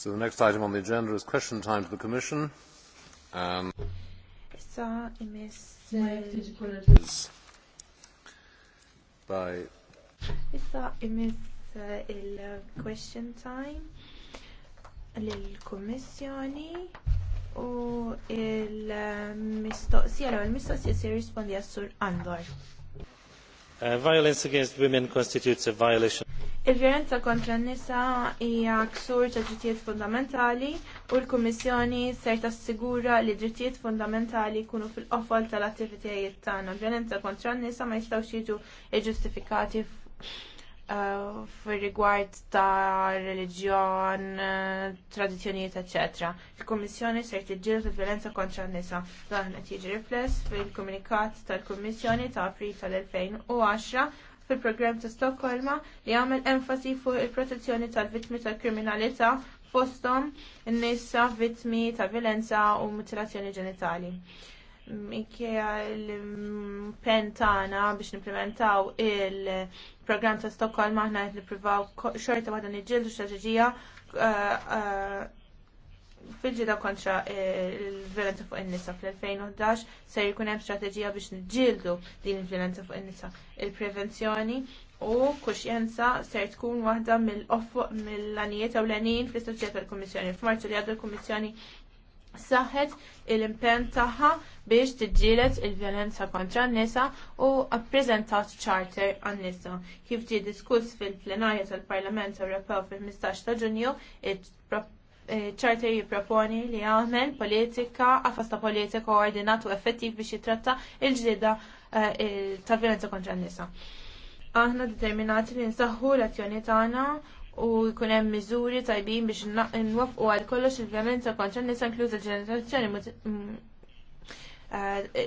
So the next item on the agenda is question time to the Commission. Um, by Issa imis uh, il-question time u il-mistoqsija um, l mistoqsija Andor. Uh, violence against women constitutes a violation il vjolenza kontra n-nisa hija ksur ta' drittijiet fundamentali u l-Kummissjoni ser tassigura li drittijiet fundamentali jkunu fil-qofol tal-attivitajiet tagħna. Vjolenza kontra n-nisa ma jistgħux jiġu ġustifikati uh, fir-rigward ta' reliġjon, uh, tradizzjonijiet, etc. Il-Kummissjoni ser tiġġieled fil-vjolenza kontra n-nisa. Dan qed jiġi rifless fil-komunikat tal-Kummissjoni ta' April tal-2010 fil-programm ta' Stokholma li għamil enfasi fuq il-protezzjoni tal-vittmi tal-kriminalità fostom n-nisa vittmi tal kriminalità fostom n nisa vittmi ta' violenza u mutilazzjoni ġenitali. Ikkja l-pentana biex nimplementaw il-programm ta' Stokholma ħna niprivaw xorta għadan iġildu strategija eh, eh, fil-ġida kontra eh, il-violenza fuq in-nisa fl-2011 ser jkun hemm strateġija biex niġġieldu din il-violenza fuq in-nisa. Il-prevenzjoni u kuxjenza ser tkun waħda mill-anijiet mill ewlenin fl-istatġija tal-Kummissjoni. F'Marzu li għadu l-Kummissjoni saħet il-impen taħħa biex tiġġielet il-violenza kontra n-nisa u appreżentat charter għan-nisa. Kif ġie diskuss fil-plenarja tal-Parlament Ewropew fil-15 ta' Ġunju, ċarta jipproponi li għamel politika, għafasta politika koordinat u effettiv biex jitratta il-ġdida eh, tal-violenza kontra n-nisa. Aħna determinati li nsaħħu l-azzjoni tagħna u jkun hemm miżuri tajbin biex nwaffqu għal kollox il-violenza kontra n-nisa inkluża ġenerazzjoni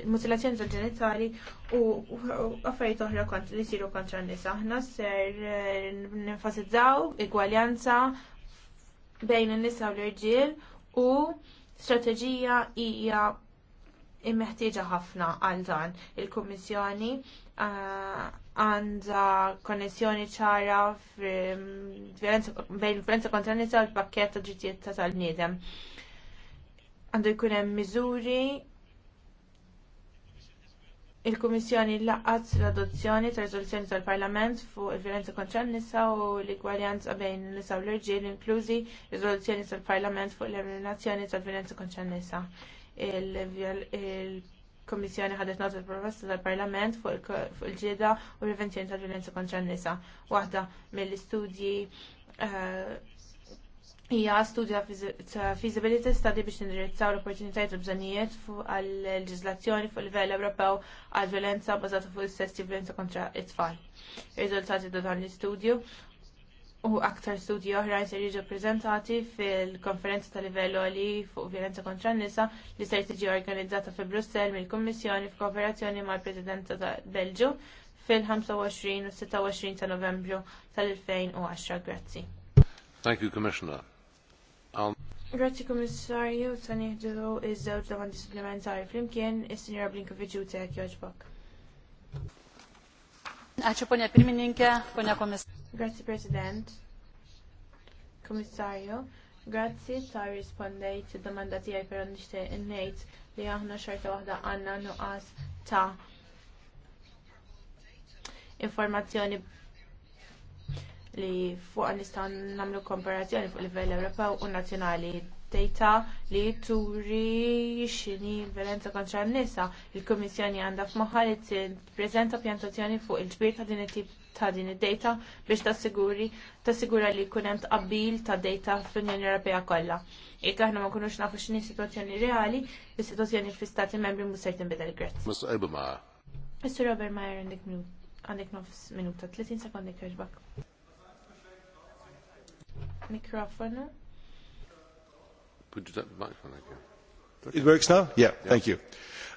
mutilazzjoni eh, tal-ġenitali u affarijiet oħra li jsiru kontra n-nisa. Aħna ser eh, nenfasizzaw igwaljanza bejn in-nisa u l-irġiel u strateġija hija immeħtieġa ħafna għal dan il-Kummissjoni uh, għandha konnessjoni ċara bejn violenza kontra nisa u l-pakket ta' ġittijiet tal-bniedem. Għandu jkun hemm miżuri Il-Kummissjoni laqqat l-adozzjoni ta' riżoluzzjoni tal-Parlament fuq il-violenza kontra n-nisa u l-igwaljanza bejn n-nisa u l-irġiel, inklużi riżoluzzjoni tal-Parlament fuq l-eliminazzjoni tal-violenza kontra n-nisa. Il-Kummissjoni ħadet nota proposta tal-Parlament fuq il-ġieda u l-prevenzjoni tal-violenza kontra n-nisa. Waħda mill-istudji eh, hija studja feasibility study biex nindirizzaw l-opportunitajiet u bżonijiet għal leġislazzjoni fuq livell Ewropew għal violenza bażata fuq is-sess violenza kontra it-tfal. Ir-riżultati ta' dan l-istudju u aktar studji oħrajn se jiġu ppreżentati fil-konferenza ta' livell għali fuq violenza kontra n-nisa li se tiġi organizzata fi Brussell mill-Kummissjoni f'kooperazzjoni mal-Presidenza ta' Belġu fil-25 u 26 ta' Novembru tal-2010. Grazzi. Thank you, Commissioner. Um, grazzi komissarju, ta' nieħdu iż-żewġ domandi supplementari flimkien is-Sinjora Blinkovic u tek joġbok. ponja pirmininke, ponja komissarju. Grazzi President. Komissarju, grazzi ta' rispondejt id-domanda tiegħi però nixtieq innejt li aħna xorta waħda għandna nuqqas ta' informazzjoni li fuq nistgħu nagħmlu komparazzjoni fuq livell Ewropew u nazzjonali data li turi x'inhi violenza kontra n-nisa. Il-Kummissjoni għandha f'moħħa li tippreżenta pjantazzjoni fuq il-ġbir ta' din it-tip ta' din id-data biex tassiguri tassigura li jkun hemm tqabbil ta' data fl-Unjoni Ewropea kollha. Jekk aħna ma nkunux nafu x'inhi situazzjoni reali, is-sitwazzjoni fl-Istati Membri mhux se tinbidel grazz. Mr. Ebermeyer. Mr. Robert Meyer għandek minuta 30 sekondi kħeġbak. Mikrofonu. microphone It works now? Yeah, yeah. thank you.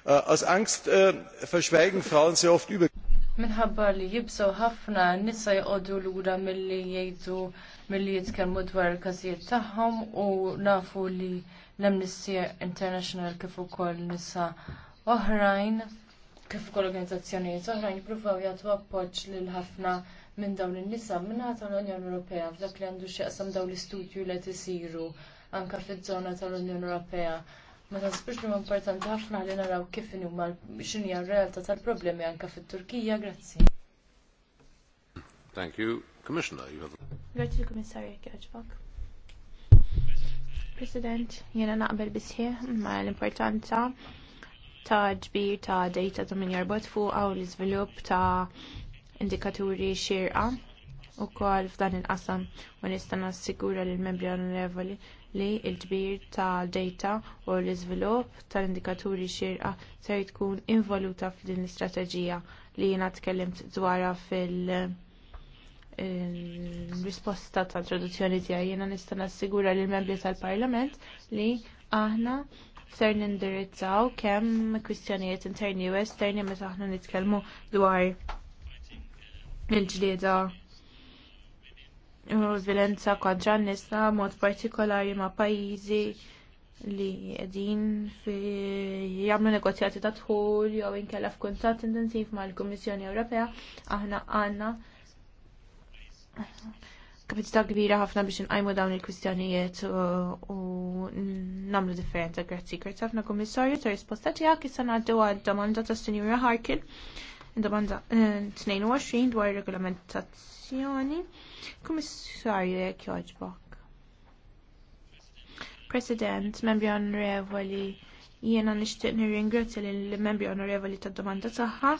Uh, aus Angst uh, verschweigen Frauen sehr oft über minħabba li jibsaw ħafna nisa jqodu lura milli jgħidu milli jitkellmu dwar il-każijiet tagħhom u nafu li l-Amnesty International kif ukoll nisa oħrajn kif ukoll organizzazzjonijiet oħrajn jippruvaw jagħtu appoġġ lil ħafna minn dawn in-nisa mingħata l-Unjoni Ewropea f'dak li għandu x'jaqsam dawn l-istudju li qed isiru anke fiż-żona tal-Unjoni Ewropea. Ma tansbux li importanti ħafna li naraw kif huma x'inhi r-realtà tal-problemi anke fit-Turkija, grazzi. Thank you. Commissioner, you have Grazzi l-Kummissarju Kjaġbak. President, jiena naqbel bisħieħ ma l-importanza ta' ġbir ta' data ta' min jarbot fuq għaw l-izvilup ta' indikaturi xirqa u kol f'dan il-qasam u nista' nassigura lill membri onorevoli li l-ġbir ta' data u l-iżvilupp tal-indikaturi xirqa ser tkun involuta f'din l-istrateġija li jiena tkellimt dwarha fil- eh, risposta ta' traduzzjoni tiegħi jiena nista' nassigura lill membri tal-Parlament li aħna ser nindirizzaw kemm kwistjonijiet interni u esterni meta aħna nitkellmu dwar mill-ġlieda u l-violenza kontra n-nisa mod partikolari ma' pajjiżi li qegħdin fi jagħmlu negozjati ta' dħul jew inkella f'kuntatt intensiv mal-Kummissjoni Ewropea aħna għandna kapacità kbira ħafna biex nqajmu dawn il-kwistjonijiet u nagħmlu differenza. Grazzi, grazzi ħafna kummissarju ta' risposta tiegħek issa ngħaddu għad domanda tas Sinjura Harkin domanda 22 eh, dwar regolamentazzjoni. Kummissarju joġbok. President, membri onorevoli, jiena nixtieq nirringrazzja lill membri onorevoli tad-domanda tagħha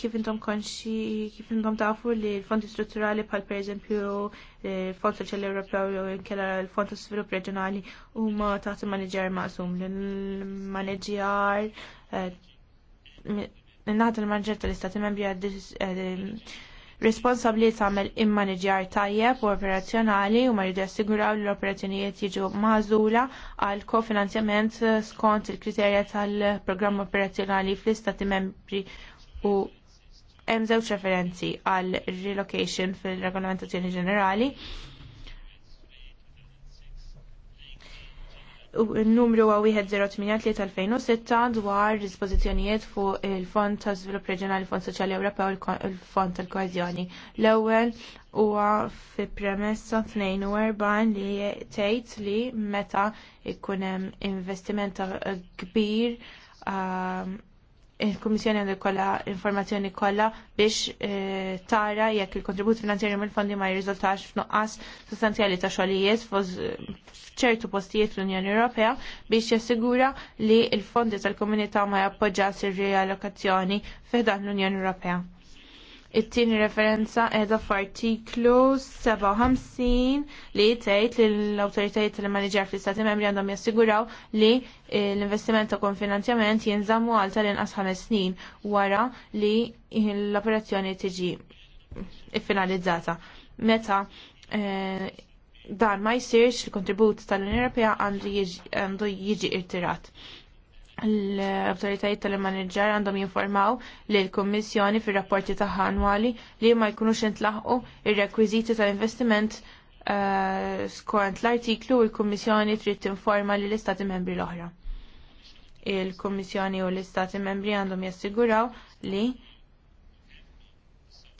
kif intom konxi, kif intom tafu li l-fondi strutturali pal per eżempju l-Fond eh, soċjal Ewropew jew inkella l-Fond ta' Svilupp Reġjonali huma taħt il-manager maqsum l-manager eh, n naħat il-manġer tal-istati membri għad responsabli tagħmel immaneġjar tajjeb u operazzjonali u rridu assiguraw jassiguraw li l-operazzjonijiet jiġu mażula għal kofinanzjament skont il-kriterja tal-programm operazzjonali fl-istati membri u hemm żewġ referenzi għal relocation fil-regolamentazzjoni ġenerali numru għaw 1083-2006 dwar dispozizjonijiet fuq il-Fond ta' Svilupp Reġjonali, Fond Soċjali Ewropew u l-Fond tal koezjoni L-ewwel huwa fi premessa 42 li tgħid li meta jkun hemm investiment kbir um, il-Kummissjoni għandu kolla informazzjoni kollha biex eh, tara jekk il-kontribut finanzjarju mill-fondi ma jirriżultax f'nuqqas sostanzjali ta' xogħlijiet f'ċertu postijiet l-Unjoni Ewropea biex jassigura li l-fondi tal-komunità ma jappoġġas ir-reallokazzjoni f'dan l-Unjoni Ewropea. It-tieni referenza qiegħda f'artiklu 57 li tgħid li l-awtoritajiet tal-maniġer fl-Istati Membri għandhom jassiguraw li l-investiment ta' konfinanzjament jinżammu għal tal-inqas ħames snin wara li l-operazzjoni tiġi iffinalizzata. Meta eh, dan ma jsirx il-kontribut tal-Unjoni Ewropea għandu jiġi irtirat l-autoritajiet tal-manager għandhom jinformaw li l-Kommissjoni fir rapporti tagħha annwali li ma jkunux intlaħqu ir-rekwiżiti tal-investiment uh, skont l-artiklu u l-Kommissjoni trid tinforma li l-Istati membri l-oħra. Il-Kommissjoni u l-Istati membri għandhom jassiguraw li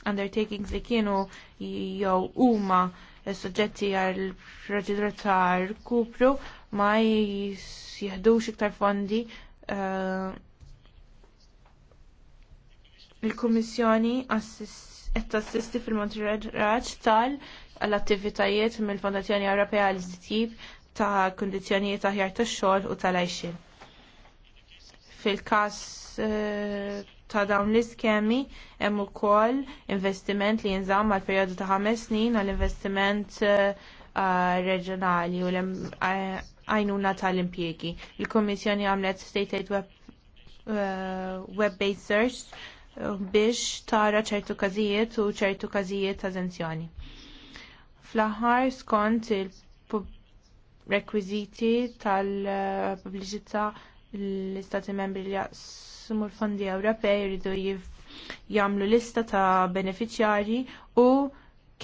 undertakings li kienu jew huma soġġetti għal proċedura ta' kupru ma jihdux iktar fondi eh, il-Kummissjoni qed tassisti fil-monitoraġġ tal għall attivitajiet mill-Fondazzjoni Ewropea għal tip ta' kundizzjonijiet aħjar tax-xogħol u tal-għajxin. Fil-każ eh, ta' dawn l-iskemi hemm ukoll investiment li jinżamm għal perjodu ta' ħames snin għal investiment eh, ah, reġjonali u eh, għajnuna tal-impjegi. Il-Kommissjoni għamlet State Aid Web, eh, Web-Based Search biex tara ċertu każijiet u ċertu każijiet ta' zenzjoni. Fl-aħħar skont il-rekwiziti tal-pubbliċità l-istati membri li jaqsmu l-fondi Ewropej jridu jagħmlu lista ta' beneficjarji u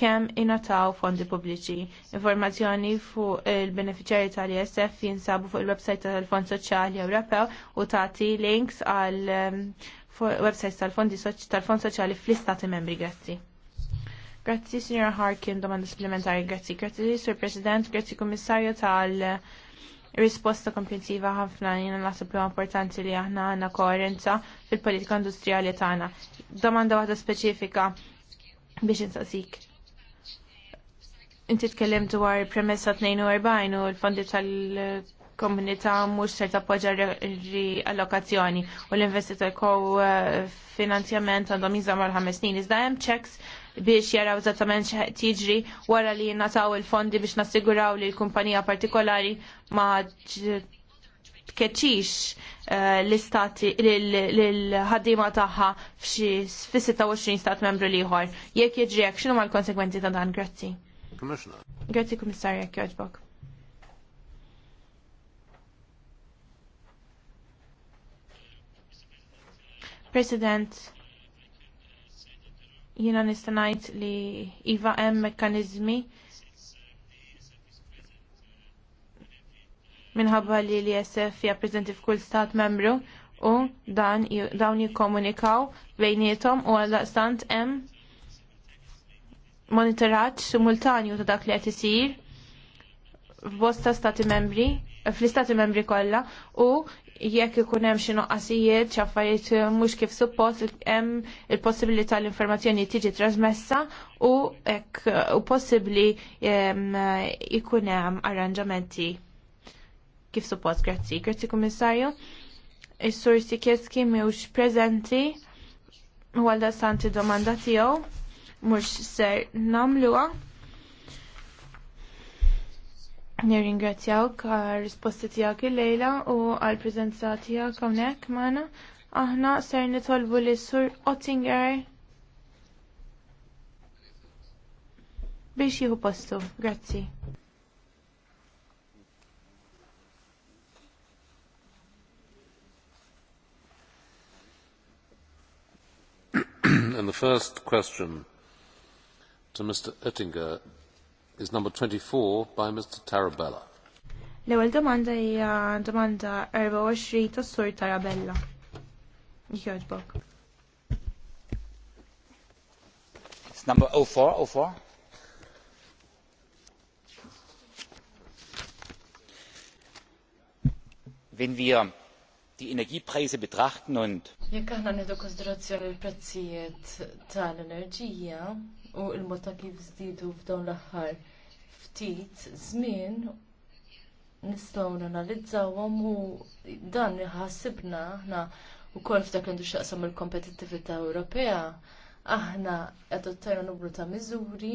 kemm ingħataw fondi pubbliċi. Informazzjoni fuq il-beneficjarji tal-ISF jinsabu fuq il-website tal-Fond Soċjali Ewropew u tagħti links għal um, websites tal-Fondi tal-Fond Soċjali fl-Istati Membri. Grazzi. Grazzi, Signora Harkin, domanda supplementari. Grazzi, grazzi, Sur President, grazzi, Kummissarju tal- risposta komprensiva ħafna jiena naħseb li importanti li aħna għandna koerenza fil-politika industrijali tagħna. Domanda waħda speċifika biex insaqsik. Inti tkellem dwar premessa 42 u l-fondi tal-komunità mhux ser tappoġġa riallokazzjoni u l-investitor kow eh, finanzjament għandhom jiżam għal ħames snin. Iżda hemm checks biex jaraw zazzament tiġri wara li nataw il-fondi biex nassiguraw li l-kumpanija partikolari ma tkeċċix eh, l-istati l-ħaddima tagħha f'xi 26 stat membru liħor. Jekk jiġri hekk x'inhuma l-konsekwenzi ta' dan? Grazzi. Grazzi Kummissarju jekk jogħġbok. President, Jiena nista' ngħid li iva hemm mekkaniżmi minħabba li l-ISF hija preżenti f'kull stat membru u dan dawn jikkomunikaw bejnietom u għal daqstant hemm monitoraġġ simultanju ta' dak li qed isir f'bosta stati membri, fl-istati membri kollha u jekk ikun hemm xi noqqasijiet xi affarijiet mhux kif suppost hemm il-possibilità l-informazzjoni tiġi trasmessa u hekk u possibbli ikun hemm arranġamenti kif suppost. Grazzi, grazzi kummissarju. Is-sur Sikieski mhux preżenti u għal santi domanda tiegħu mhux ser nagħmluha. Nirringrazzjaw għal risposti tijak il-lejla u għal prezenza tijak għonek maħna. Aħna ser nitolbu li sur Ottinger biex jihu postu. Grazzi. And the first question to Mr. Oettinger is number 24 by Mr. Tarabella. L-ewwel domanda hija domanda 24 tas-Sur Tarabella. Jogħġbok. It's number 04, 04. Wenn wir die Energiepreise betrachten und Jekk aħna nieħdu konsiderazzjoni l-prezzijiet tal-enerġija u l-mod ta' kif żdiedu f'dawn l-aħħar ftit żmien nistgħu nanalizzawhom u dan iħassibna aħna wkoll f'dak li xaqsam il-kompetittività Ewropea aħna ottajna numru ta' miżuri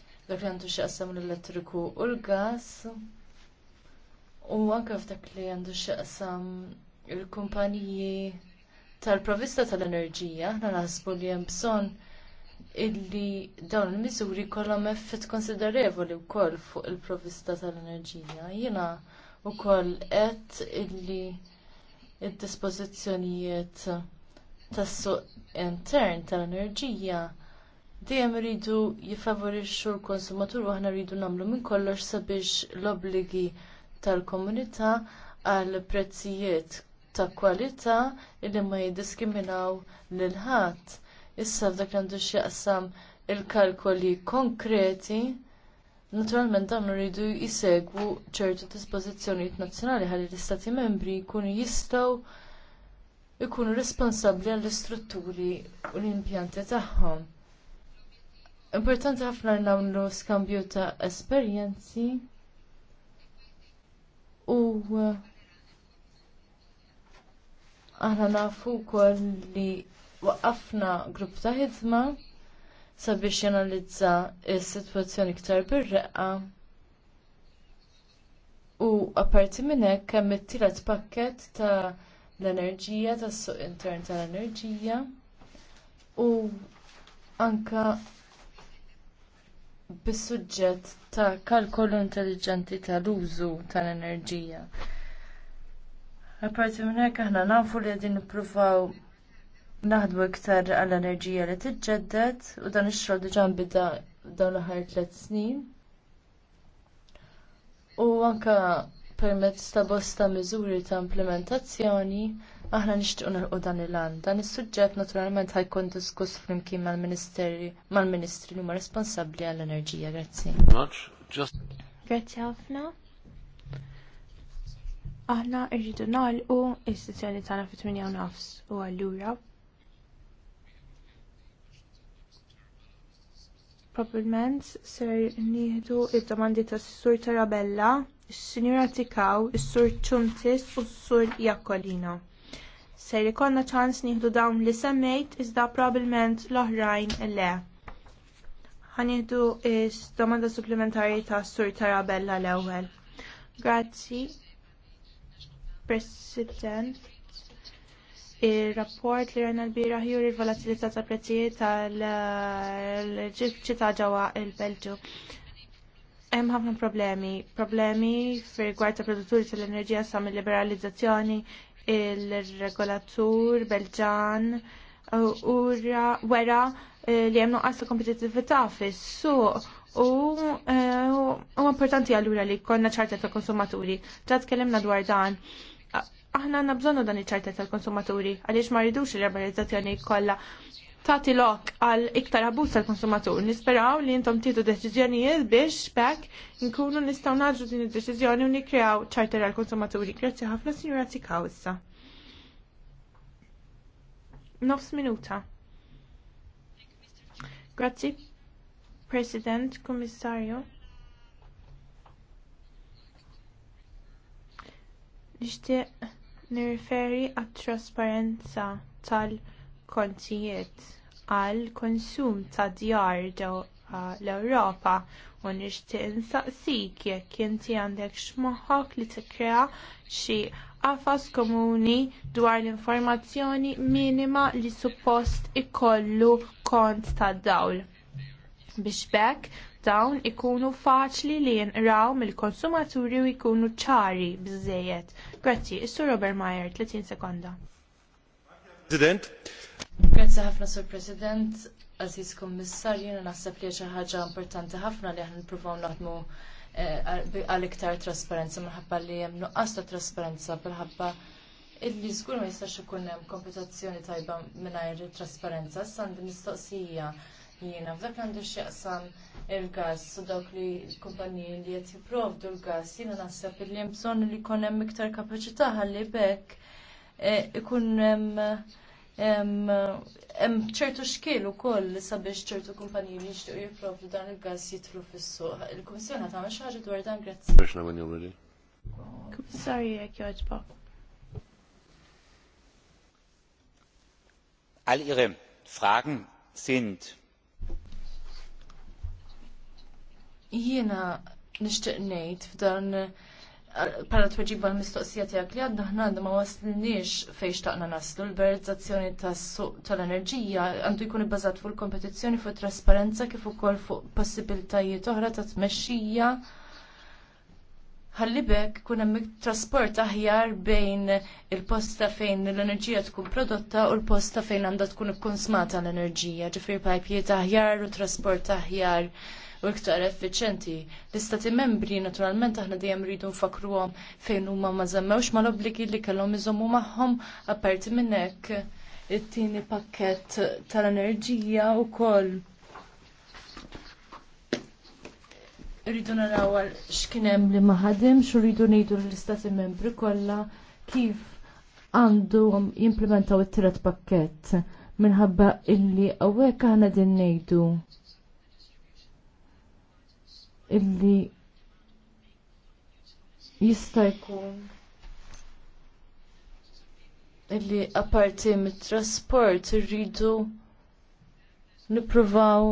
dak li għandu xaqsam l-elettriku u l-gas u anke f'dak li għandu xaqsam il-kumpaniji tal-provista tal-enerġija aħna naħsbu li hemm bżonn illi dawn il-miżuri kollhom effett konsidervoli wkoll fuq il-provista tal-enerġija. Jiena wkoll qed illi id-dispożizzjonijiet tas-suq intern tal-enerġija dejjem iridu jifavorixxu l-konsumatur u aħna rridu nagħmlu minn kollox sabiex l-obbligi tal-komunità għal prezzijiet ta' kwalità illi ma jiddiskriminaw lil ħadd Issa f'dak li għandu x'jaqsam il-kalkoli konkreti, naturalment dawn rridu jisegwu ċertu dispożizzjonijiet nazzjonali ħalli l-Istati membri jkunu jistgħu ikunu responsabbli għall istrutturi u l-impjanti tagħhom. Importanti ħafna nagħmlu skambju ta' esperjenzi u eh, aħna nafu wkoll li waqqafna grupp ta' ħidma sabiex janalizza s-sitwazzjoni iktar bir-reqqa. U apparti minn hekk hemm it-tielet pakkett ta' l-enerġija tas-suq intern tal-enerġija u anka bis-suġġett ta' kalkolu intelligenti tal-użu tal-enerġija. Apparti minn hekk aħna nafu li din nippruvaw naħdmu iktar għall enerġija li tiġġedded u dan ix-xogħol diġà nbida dawn l-aħħar tliet snin. U anke permezz ta' bosta miżuri ta' implementazzjoni aħna nixtiequ nilqu dan il-għan. Dan is-suġġett naturalment ħajkun diskuss flimkien mal-Ministeri mal-Ministri li huma responsabbli għall-enerġija. Grazzi. Grazzi ħafna. Aħna rridu nagħlqu is-sessjoni tagħna fit-8 u nofs u allura Probabilment ser nieħdu id-domandi tas Sur Tarabella, is-Sinjura Tikaw, is-Sur Ċuntis u s-Sur Jakolino. Ser ikonna ċans nieħdu dawn li semmejt iżda probabbilment l-oħrajn le. Ħanieħdu is-domanda supplementari tas Sur Tarabella l-ewwel. Grazzi, President. Il-rapport li rajna l-bira juri l-volatilità ta' prezzijiet tal ġifċi ta' ġewwa il-Belġu. Hemm ħafna problemi, problemi fir-rigward ta' produtturi tal-enerġija sa' mill-liberalizzazzjoni, il-regolatur Belġan u wera eh, li hemm nuqqas ta' fis-suq u eh, importanti allura li konna ċarta ta' konsumaturi. Ġad tkellimna dwar dan aħna għanna bżonnu dan iċ-ċarta tal-konsumaturi għaliex ma rridux il-liberalizzazzjoni kollha Tati lok għal iktar abuz tal-konsumatur. Nisperaw li intom tieħdu deċiżjonijiet biex pek nkunu nistgħu naġru din id-deċiżjoni u nikkrew ċarter tal konsumaturi Grazzi ħafna Signora Tikaw Nofs minuta. Grazzi, President, Kommissarju. nixtieq nirriferi għat-trasparenza tal-kontijiet għall konsum ta' djar l-Ewropa u nixtieq insaqsik jekk inti għandek x'moħħok li tikkrea xi qafas komuni dwar l-informazzjoni minima li suppost ikollu kont tad dawl biex bekk dawn ikunu faċli li jinqraw mill-konsumaturi u jkunu ċari biżżejjed. Grazzi, Issu Robert Meyer, 30 sekonda. President. Grazzi ħafna, Sur President. Aziz Kommissar, jiena naħseb li xi ħaġa importanti ħafna li aħna nippruvaw naħdmu eh, għal iktar trasparenza minħabba li hemm nuqqas ta' trasparenza bil-ħabba illi żgur ma jistax ikun hemm kompetizzjoni tajba mingħajr trasparenza. Issa mistoqsija jiena f'dak għandu x'jaqsam il-gas u dawk li kumpaniji li qed jipprovdu l-gas jiena naħseb li hemm bżonn li jkun hemm iktar kapaċità ħalli bekk e, ikun hemm ċertu xkiel ukoll sabiex ċertu kumpaniji li jixtiequ jipprovdu dan il-gas jitlu fis-suq. Il-Kummissjoni tagħmel xi ħaġa dwar dan grazzi. Kummissarju jekk jogħġbok. All Ihre Fragen sind Jiena nixtieq ngħid f'dan bħala tweġiba l-mistoqsija tiegħek li għadna ħna ma waslniex fejn xtaqna naslu l-liberalizzazzjoni tas-suq tal-enerġija għandu jkun ibbażat fuq il-kompetizzjoni fuq trasparenza kif ukoll fuq possibiltajiet oħra ta' tmexxija ħalli bekk kun hemm trasport aħjar bejn il-posta fejn l-enerġija tkun prodotta u l-posta fejn għandha tkun ikkonsmata l-enerġija, ġifier pajpiet aħjar u trasport aħjar u iktar effiċenti. L-istati membri naturalment aħna dejjem rridu nfakruhom fejn huma ma żemmewx mal-obbligi li kellhom iżommu magħhom apparti minn hekk it-tieni pakkett tal-enerġija wkoll. Rridu naraw x'kien hemm li ma ħadimx u rridu ngħidu l-istati membri kollha kif għandhom jimplementaw it tirat pakkett minħabba illi għawek għana din nejdu illi jista' jkun illi apparti mit-trasport irridu nippruvaw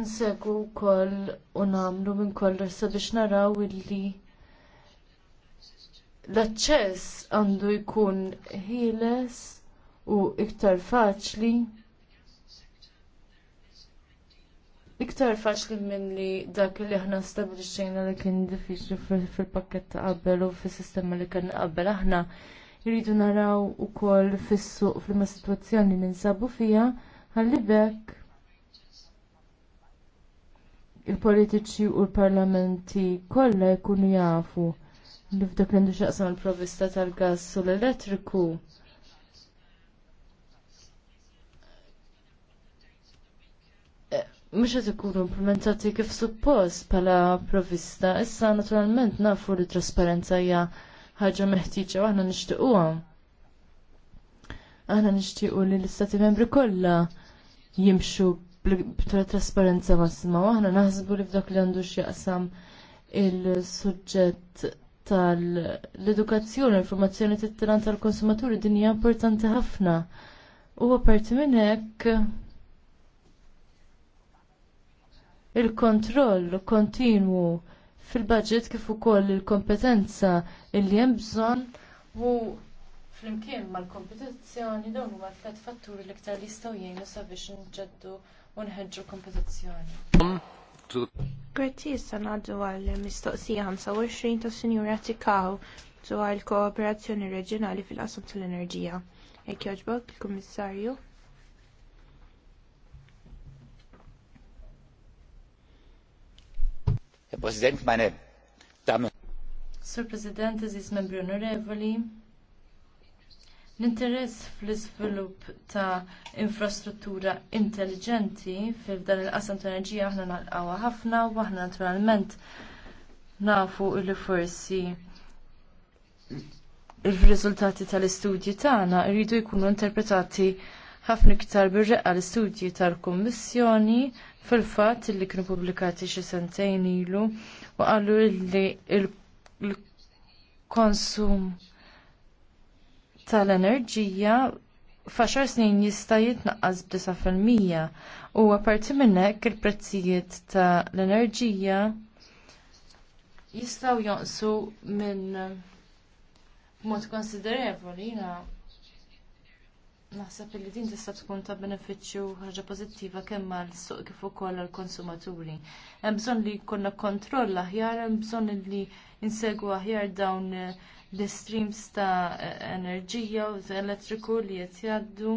nsegu wkoll u nagħmlu minn kollox sabiex naraw illi l-aċċess għandu jkun ħieles u iktar faċli iktar faċli minn li dak li aħna stabilixxejna li kien diffiċli fil-pakket ta' qabel u fis-sistema li kien qabel aħna jridu naraw ukoll fis-suq fl-ma sitwazzjoni ninsabu fija ħalli bekk il-politiċi u l-parlamenti kollha jkunu jafu li f'dak li għandu xaqsam il-provista tal-gass u l-elettriku mux għet ikunu implementati kif suppost pala provista. Issa naturalment nafu li trasparenza hija ħaġa meħtieġa u aħna nixtiequha. Aħna nixtiequ li l-istati membri kollha jimxu b'tra trasparenza massima u aħna naħsbu li f'dak li għandu x'jaqsam il-suġġett tal-edukazzjoni, l-informazzjoni tit-tilan tal-konsumaturi din hija importanti ħafna. U apparti minn hekk il-kontroll kontinwu fil-budget kif ukoll il-kompetenza illi hemm bżonn u flimkien mal-kompetizzjoni dawn huma tliet fatturi l-iktar li jistgħu jgħinu sabiex nġeddu u nħeġġu kompetizzjoni. Grazzi issa ngħaddu għal mistoqsija 25 tas Sinjura Tikaw dwar il-kooperazzjoni reġjonali fil-qasam tal-enerġija. Jekk jogħġbok il-Kummissarju. Herr Präsident, meine Damen Sur President, eżis membri onorevoli, L-interess fl-iżvilupp ta' infrastruttura intelligenti fil-dan il-qasam ta' enerġija aħna nalqawa ħafna u aħna naturalment nafu li forsi il-riżultati tal-istudji tagħna rridu jkunu interpretati ħafna iktar bir-reqqa l-istudji tal-Kummissjoni fil-fatt li kienu pubblikati xi sentejn ilu u qalu li l-konsum tal-enerġija faxar snin jista' jitnaqqas fil-mija u apparti minn hekk il-prezzijiet tal-enerġija jistgħu jonqsu minn b'mod konsiderevoli Naħseb li din tista' tkun ta' benefiċċju ħaġa pożittiva kemm għall suq kif ukoll għall konsumaturi. Hemm bżonn li jkollna kontroll aħjar, hemm bżonn li insegwu aħjar dawn l-streams ta' enerġija u ta' elettriku li qed jgħaddu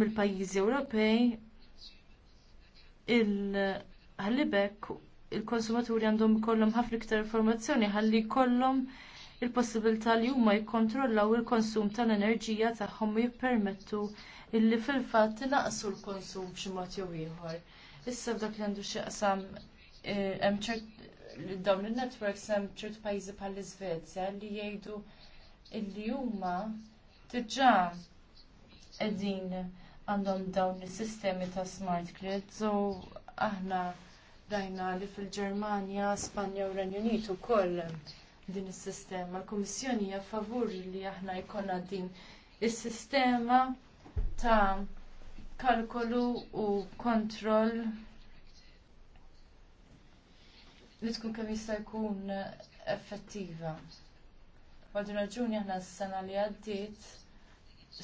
mill-pajjiżi Ewropej. Il-ħallibek il-konsumaturi għandhom kollhom ħafna iktar informazzjoni ħalli kollhom il-possibilità li huma jikkontrollaw il-konsum tal-enerġija tagħhom u jippermettu illi fil-fatt naqsu l-konsum b'xi mod jew ieħor. Issa f'dak li għandu xi qasam eh, hemm ċert dawn in-networks hemm ċert pajjiżi bħall-Iżvezja li jgħidu illi huma diġà qegħdin għandhom dawn is-sistemi ta' smart grid, so aħna rajna li fil-Ġermanja, Spanja u Renju Unit ukoll din is-sistema. L-Kummissjoni hija favur li aħna jkollna din is-sistema ta' kalkolu u kontroll li tkun kemm jista' jkun effettiva. Għaddu raġuni aħna s-sena li għaddiet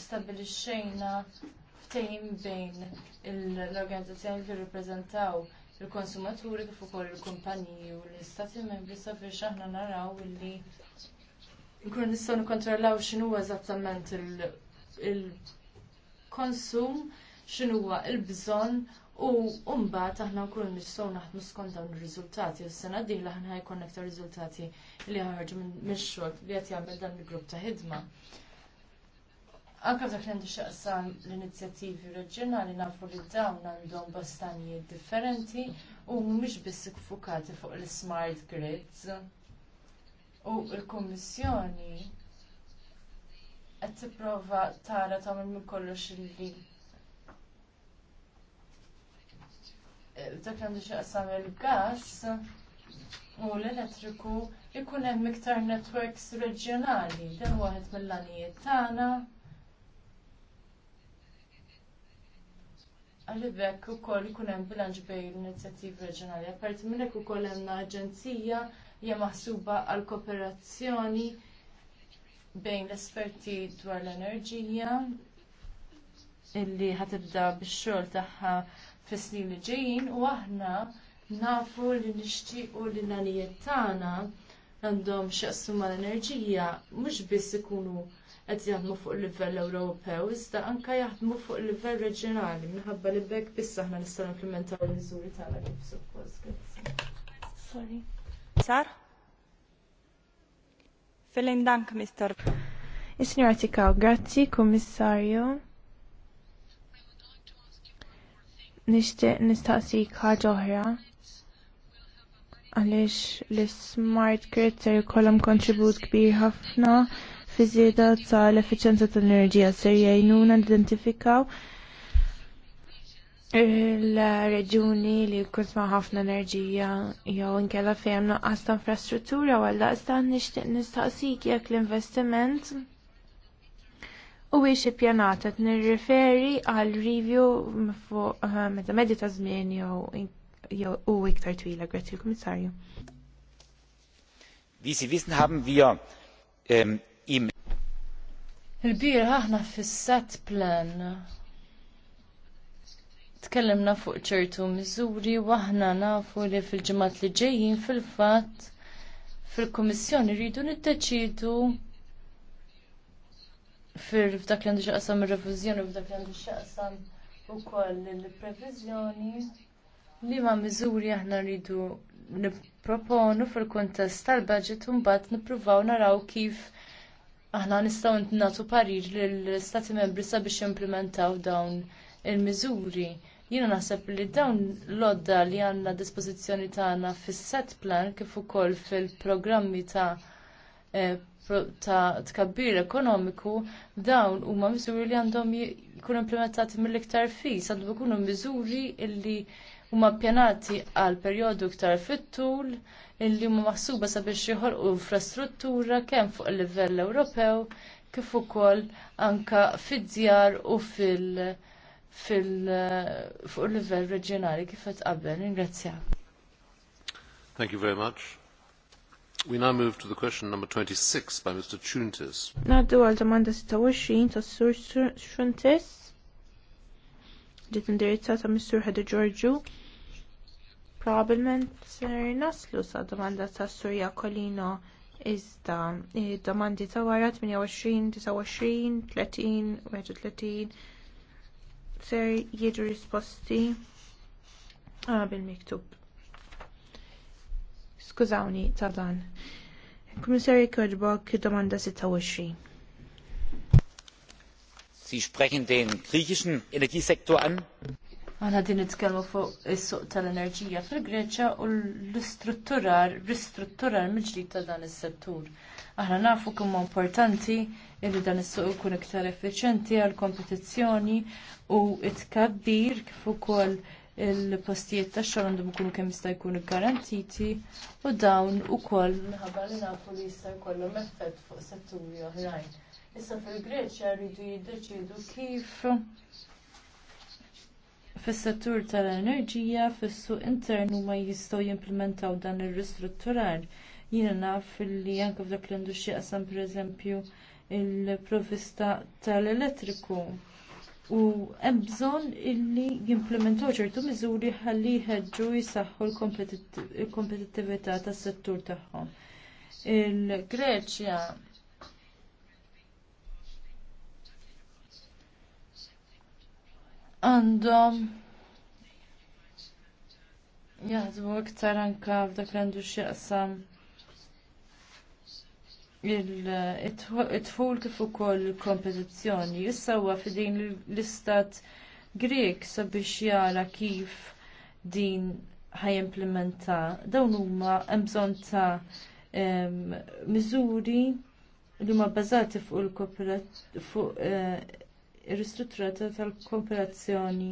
stabilixxejna ftehim bejn l-organizzazzjoni li rippreżentaw il-konsumaturi kif ukoll il-kumpaniji u l-istati membri sabiex aħna naraw illi nkunu nistgħu nikkontrollaw x'inhu eżattament il-konsum, x'inhu il-bżonn u mbagħad aħna nkunu nistgħu naħdmu skont dawn ir-riżultati. Is-sena d-dieħla aħna ħajkun aktar riżultati li ħarġu mix-xogħol li qed jagħmel dan il-grupp ta' ħidma. Anka f'dak li xaqsam l-inizjattivi reġjonali nafu li dawn għandhom bastanijiet differenti u mhumiex biss fukati fuq l-smart grids. U l-Kummissjoni qed tipprova tara tagħmel minn kollox illi eh, dak li għandu xaqsam il-gas u l-elettriku ikun hemm iktar networks reġjonali. Dan waħed mill-għanijiet tagħna. għalibek u koll kunem bilanċ bej l-inizjativi reġjonali. Apparti minnek u koll hemm aġenzija hija maħsuba għal kooperazzjoni bejn l-esperti dwar l-enerġija illi ħatibda bix-xogħol tagħha fis-snin li ġejjin u aħna nafu li nixtiequ li l-għanijiet tagħna għandhom x'jaqsmu mal-enerġija mhux biss ikunu qed jaħdmu fuq livell Ewropew, iżda anke jaħdmu fuq livell reġjonali minħabba li bekk biss aħna nistgħu implementaw il-miżuri tagħna kif suppost. Sar? Filin dank, Mr. is Tikaw, grazzi, Kummissarju. Nixtieq nistaqsik ħaġa oħra għaliex l-smart grid se jkollhom kontribut kbir ħafna fi żieda tal-effiċenza tal-enerġija ser jgħinuna identifikaw il-reġuni li kusma ħafna enerġija jew inkella fejn nuqqas ta' infrastruttura għal daqstan nixtieq nistaqsik jekk l-investiment u biex ippjanat qed nirriferi għal review fuq eh, meta medja ta' żmien jew u iktar twila grazzi l-Kummissarju. Wie Sie wissen, haben wir ähm, Il-bir aħna fissat plan. Tkellimna fuq ċertu miżuri u aħna nafu li fil-ġimgħat li ġejjin fil-fatt fil-Kummissjoni rridu niddeċidu f'dak li għandu xaqsam ir revużjoni u f'dak li għandu xaqsam ukoll il-previżjoni li ma miżuri aħna rridu nipproponu fil-kuntest tal-budget u mbagħad nippruvaw naraw kif aħna nistgħu nagħtu parir lill-Stati Membri sabiex jimplementaw dawn il-miżuri. Jiena naħseb li dawn l-odda li għandna dispożizzjoni tagħna fis-set plan kif ukoll fil-programmi ta' eh, ta' tkabbir ekonomiku dawn huma miżuri li għandhom jkunu implementati mill-iktar fis, għandhom ikunu miżuri illi huma ppjanati għal perjodu iktar fit-tul illi huma maħsuba sabiex joħolqu infrastruttura kemm fuq il-livell Ewropew kif ukoll anke fid-djar u fil- fil fuq il-livell reġjonali kif qed qabel. Ringrazzjak. Thank you very much. We now move to the question number 26 by Mr. Chuntis. Naddu għal domanda 26 ta' Sur Chuntis. Ġiet indirizzata Mr. Ħadu Ġorġu Probabilment ser naslu sa' domanda ta' Surja Kolino iżda domandi ta' wara 28, 29, 30, 31 ser jiġu risposti ah, bil-miktub. Skużawni ta' dan. Kummissarju Kodbok domanda 26. Sie sprechen den griechischen Energiesektor an? Għana din nitkellmu fuq is-suq tal-enerġija fil-Greċja u l-istrutturar, ristrutturar mill-ġdid ta' dan is-settur. Aħna nafu kumma importanti li dan is-suq ikun iktar effiċenti għal kompetizzjoni u it-kabbir kif ukoll il-postijiet tax xogħol għandhom ikunu kemm jista' jkunu garantiti u dawn ukoll minħabba li nafu li jista' jkollhom effett fuq setturi oħrajn. Issa fil-Greċja rridu jiddeċidu kif fis-settur tal-enerġija fis-suq intern huma jistgħu jimplementaw dan ir-ristrutturar. Jiena naf li anke f'dak l-industrija qasam pereżempju il-provista tal-elettriku. U hemm bżonn illi jimplementaw ċertu miżuri ħalli jħeġġu jsaħħu l-kompetittività tas-settur tagħhom. Il-Greċja għandhom jaħdmu iktar anka f'dak li għandu x'jaqsam it tful kif ukoll il kompetizzjoni. Issa huwa f'din l-istat Grek sabiex jara kif din ħajimplementa dawn huma hemm bżonn ta' miżuri li huma bbażati fuq il-kooperat fuq eh, ristrutturata tal-kooperazzjoni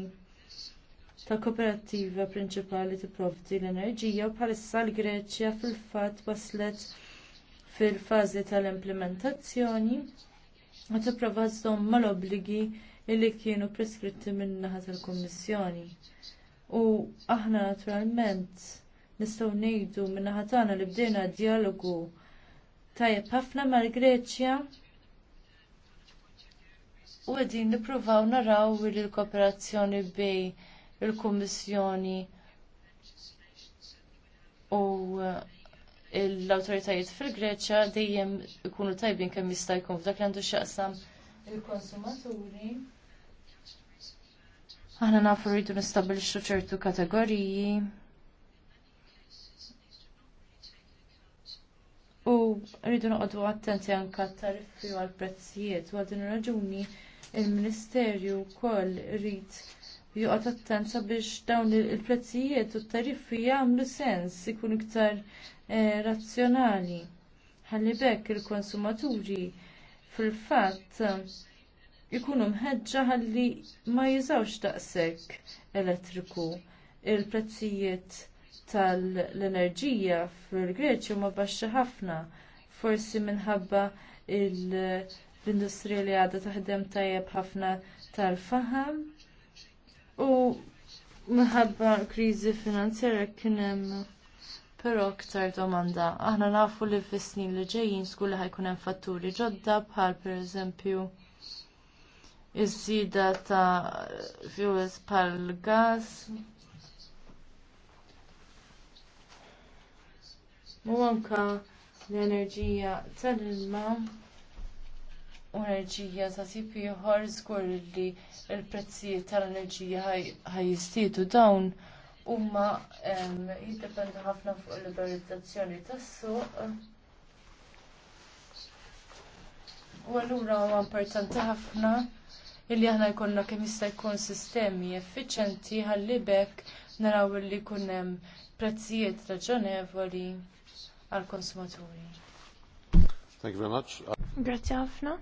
tal koperattiva prinċipali tipprovdi l-enerġija u bħalissa l-Greċja fil-fatt waslet fil-fażi tal-implementazzjoni u tipprova żżomm mal-obbligi li kienu preskritti min-naħa tal-Kummissjoni. U aħna naturalment nistgħu ngħidu min-naħa tagħna li bdejna dialogu tajjeb ħafna mal-Greċja u għedin nipruvaw naraw li l-kooperazzjoni bej il-Kummissjoni u eh, l-autoritajiet fil-Greċja dejjem ikunu tajbin kemm jista' jkun f'dak li għandu x'jaqsam il-konsumaturi. Aħna nafu rridu nistabilixxu ċertu kategoriji. U rridu noqogħdu attenti anke għat-tariffi u għall-prezzijiet u għal din ir-raġuni il-Ministerju wkoll rrit joqgħod attent sabiex dawn il-prezzijiet u t-tariffi jagħmlu sens ikun iktar eh, razzjonali. Ħalli bekk il-konsumaturi fil-fatt ikunu mħeġġa ħalli ma jużawx daqshekk elettriku il-prezzijiet tal-enerġija fil-Greċja huma baxxi ħafna forsi minħabba il- l-industrija li għadha taħdem tajjeb ħafna tal-faham u minħabba kriżi finanzjarja kien hemm però aktar domanda. Aħna nafu li fis-snin li ġejjin skur ħajkun hemm fatturi ġodda bħal pereżempju iż-żida ta' fuels bħal gas u anke l-enerġija tal-ilma enerġija ta' tipi ieħor żgur li l-prezzijiet tal-enerġija ħajjistietu dawn huma jiddependu ħafna fuq il-liberalizzazzjoni tas-suq. U allura huwa importanti ħafna illi aħna jkollna kemm jista' jkun sistemi effiċjenti ħalli b'hekk naraw illi jkun hemm prezzijiet raġonevoli għall konsumaturi Thank you very much. Grazie ħafna.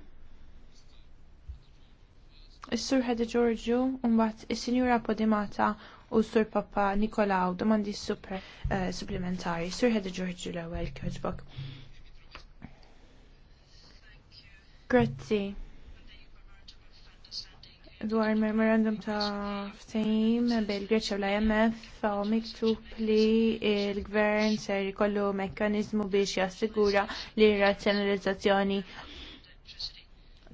Is-Sur Hedi Giorgio mbagħad is-Sinjura Podimata u s-Sur Papa Nikolaw domandi super uh, supplementari. Sur Hedi Giorgio l-ewwel kieġbok. Grazzi dwar il-memorandum ta' ftehim bil-Greċja u l-IMF u miktub li il gvern ser jkollu mekkaniżmu biex jassigura li r razzjonalizzazzjoni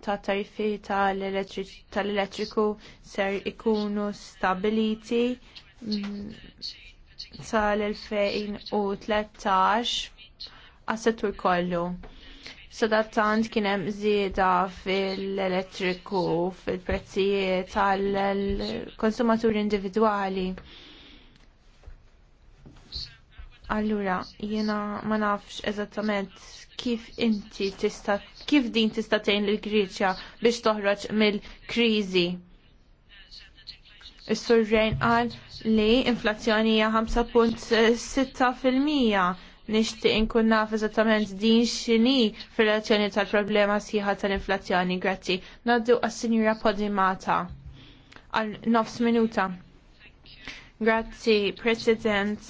ta' tariffi tal-elettriku ser ikunu stabiliti mm, sal-2013 għas-settur kollu. Sadattant kien hemm żieda fil-elettriku fil-prezzijiet tal-konsumaturi individwali. Allura, jiena ma nafx eżattament kif inti tista' kif din tista' tgħin lil Greċja biex toħroġ mill-kriżi. Is-Sur Rejn qal li inflazzjoni hija 5.6 nixtieq inkun naf eżattament din x'inhi fir-relazzjoni tal-problema sieħa tal-inflazzjoni. Grazzi. Naddu għas-Sinjura Podimata għal nofs minuta. Grazzi, President.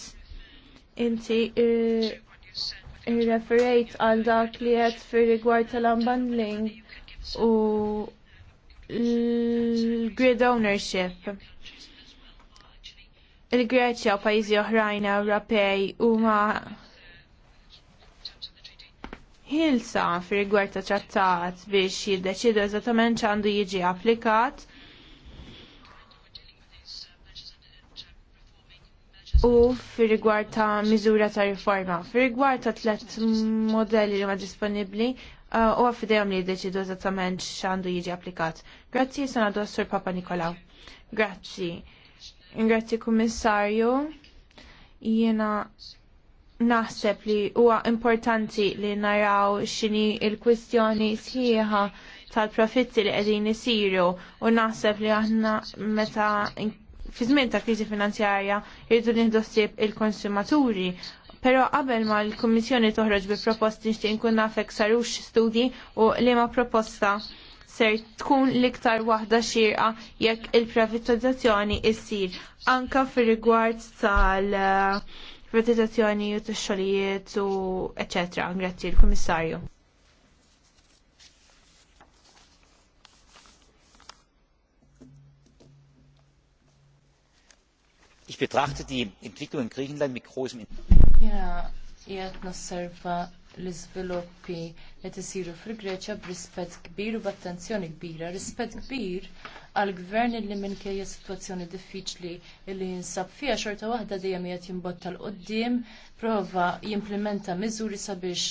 Inti uh Irreferejt għal dak li għed fir-rigward tal-unbundling u l-grid ownership. Il-Greċja u pajjiżi oħrajn Ewropej huma ħilsa fir-rigward ta' trattat biex jiddeċidu eżattament x'għandu jiġi applikat u fir rigward ta' miżura ta' riforma. Fir rigward ta' tlet modelli li ma' disponibli u uh, għafidejom li jiddeċidu eżattament x'għandu jiġi applikat. Grazzi sanadu għassur Papa Nikolaw. Grazzi. Grazzi kummissarju. Jiena naħseb li huwa importanti li naraw x'inhi l kwistjoni sħiħa tal-profitti li qegħdin isiru u naħseb li aħna meta fi żmien ta' kriżi finanzjarja irridu nieħdu ssieb il-konsumaturi. Però qabel ma l-Kummissjoni toħroġ bi proposti nixtieq nkun nafek sarux studji u liema proposta ser tkun l-iktar waħda xirqa jekk il-privatizzazzjoni issir anka fir-rigward tal privatizzazzjoni u t-xolijiet u eccetera. Grazzi l-Kummissarju. Ich betrachte die Entwicklung in Griechenland mit großem Interesse l-iżviluppi li tisiru fil-Greċja b'rispett kbir u b'attenzjoni kbira, rispett kbir għall gvern li minkejja sitwazzjoni diffiċli li jinsab fiha xorta waħda dejjem qed jimbotta l qoddim prova jimplementa miżuri sabiex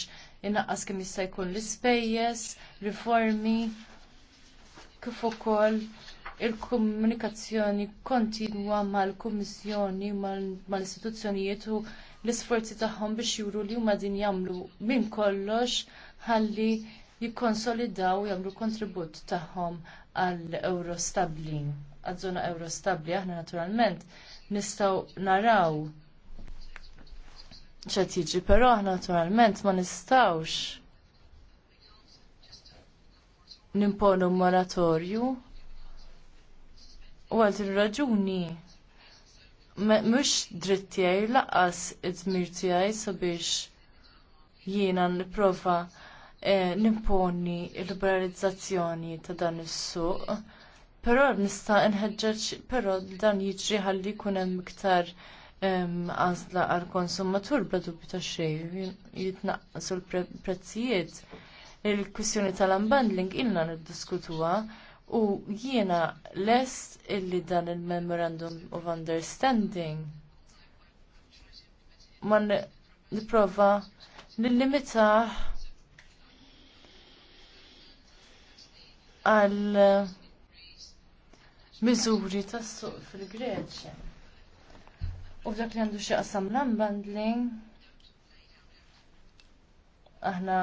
inaqqas kemm jista' jkun l-ispejjeż, riformi kif ukoll il-komunikazzjoni kontinwa mal-Kummissjoni, mal-istituzzjonijiet u l-isforzi tagħhom biex juru li huma din jagħmlu minn kollox ħalli jikkonsolidaw jagħmlu kontribut tagħhom għal euro stabbli, żona euro stabbli aħna naturalment nistgħu naraw ċed jiġi, però aħna naturalment ma nistgħux nimponu moratorju U għal raġuni mhux dritt tiegħi id-dmir tiegħi sabiex jiena nipprova eh, nimponi l-liberalizzazzjoni ta' dan is-suq. Però nista' nħeġġeġ però dan jiġri ħalli jkun hemm iktar għażla għall konsumatur bla dubju ta' xejn jitnaqqsu l-prezzijiet. Il-kwistjoni tal-unbundling ilna niddiskutuha U jiena lest illi dan il-Memorandum of Understanding ma niprofa nillimitah għal miżuri tas suq fil-Greċja. U dak li għandu xi qasam l-unbundling, aħna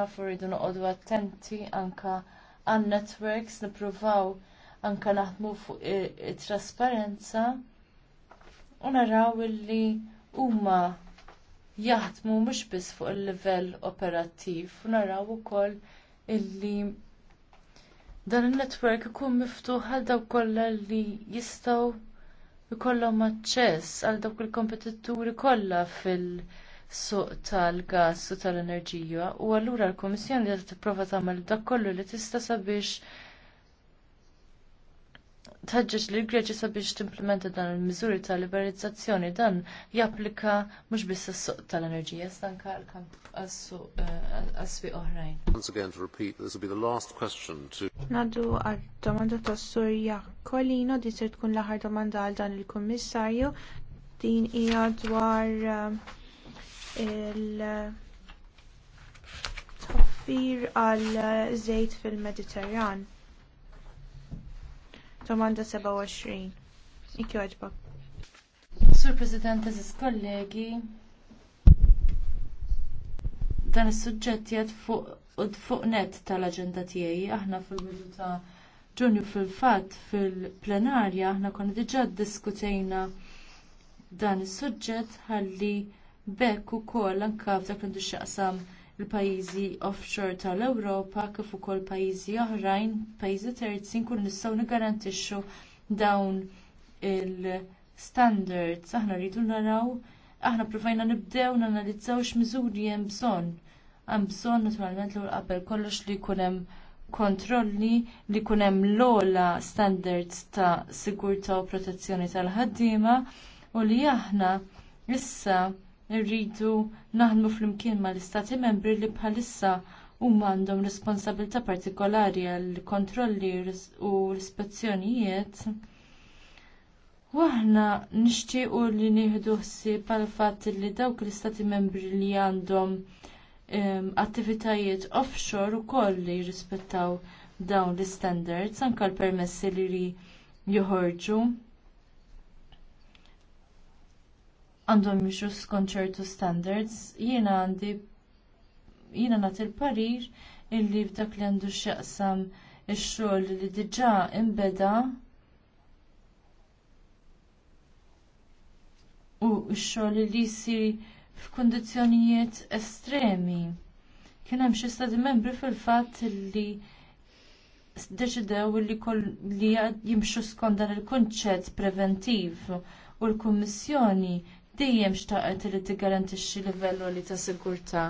nafu rridu noqogħdu attenti anka għan networks nippruvaw anka naħdmu fuq it trasparenza u naraw li huma jaħdmu mhux biss fuq il-livell operattiv u naraw ukoll illi dan il netwerk ikun miftuħ għal daw kollha li jistgħu jkollhom aċċess għal dawk il-kompetituri kollha fil- suq tal-gas u tal-enerġija u allura l-Kummissjoni qed tipprova tagħmel dak kollu li tista' sabiex tħeġġeġ li l-Greċi sabiex timplementa dan il-miżuri ta' liberalizzazzjoni dan japplika mhux biss għas-suq tal-enerġija iżda anke kamp eh, għas-swieq oħrajn. Once again to repeat, this will be the last question to Nadu għal domanda tas surja Kolino, di ser tkun l-aħħar domanda għal dan il-Kummissarju din hija dwar eh, il toffir għal żejt fil-Mediterran. Domanda 27. Ikki għadbak. Sur President, eżis kollegi, dan is-suġġett jgħid fuq fuq net tal-aġenda tiegħi aħna fil-bidu ta' Ġunju fil-fatt fil-plenarja aħna konna diġà ddiskutejna dan is-suġġett ħalli Bekk ukoll anka f'dak li xaqsam il-pajjiżi offshore tal-Ewropa kif ukoll pajjiżi oħrajn, pajjiżi terzi jkunu nistgħu nigarantixxu dawn il-standards aħna rridu naraw aħna provajna nibdew nanalizzaw x'miżuri hemm bżonn. Hemm bżonn naturalment l qabel kollox li jkun hemm kontrolli li jkun hemm l standards ta' sigurtà u protezzjoni tal-ħaddiema u li aħna issa rridu naħdmu flimkien mal istati membri li bħalissa huma għandhom responsabilità partikolari għall kontrolli u l-ispezzjonijiet. U aħna nixtiequ li nieħdu ħsieb għal fatt li dawk l-istati membri li għandhom ehm, attivitajiet offshore ukoll li jirrispettaw dawn l istandards anke l-permessi li joħorġu għandhom jimxu skont ċertu standards, jiena għandi jiena nagħti l-parir illi f'dak li għandu x'jaqsam ix-xogħol li diġà imbeda u x-xogħol li jsir f'kundizzjonijiet estremi. Kien hemm xi stati membri fil-fatt li deċidew li, li jimxu skont dan il-kunċett preventiv u l-Kummissjoni dejjem xtaqet li tiggarantixxi livellu li ta' sigurtà.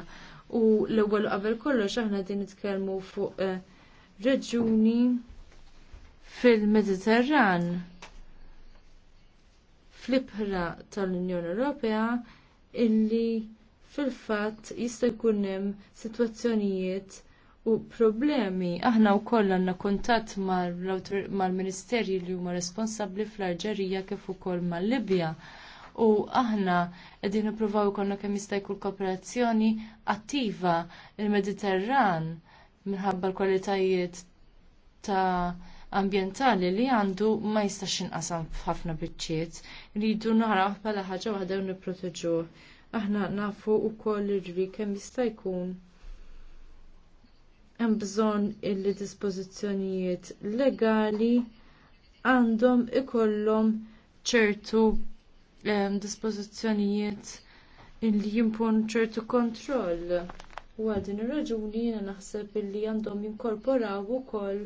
U l-ewwel qabel kollox aħna din nitkellmu fuq eh, reġuni fil-Mediterran fl-ibħra tal-Unjoni Ewropea illi fil-fatt jista' jkun hemm sitwazzjonijiet u problemi. Aħna wkoll għandna kuntatt mal-Ministerji li huma responsabbli fl arġerija kif ukoll mal-Libja. mal libja u aħna qegħdin nippruvaw konna kemm jista' jkun kooperazzjoni attiva il-Mediterran minħabba l-kwalitajiet ta' ambjentali li għandu ma jistax inqasam f'ħafna biċċiet li naraw bħala ħaġa waħda u nipproteġuh. Aħna nafu wkoll irri kemm jista' jkun hemm bżonn illi dispożizzjonijiet legali għandhom ikollhom ċertu dispożizzjonijiet illi jimpon ċertu kontroll. U għal din ir-raġuni jiena naħseb illi għandhom jinkorporaw ukoll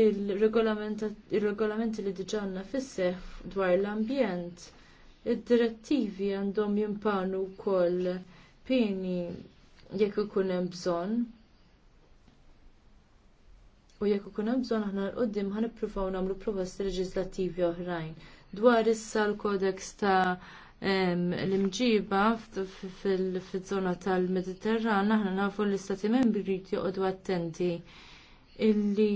il-regolamenti li diġà għandna fis-seħħ dwar l-ambjent. Id-direttivi għandhom jimpanu wkoll pieni jekk ikun hemm bżonn. U jekk ikun hemm bżonn aħna l-qudiem ħanippruvaw nagħmlu proposti leġislattivi oħrajn. Dwar issa l-kodeks ta' l-imġiba fil-zona tal-Mediterran, aħna nafu l-istati membri jridu joqogħdu attenti illi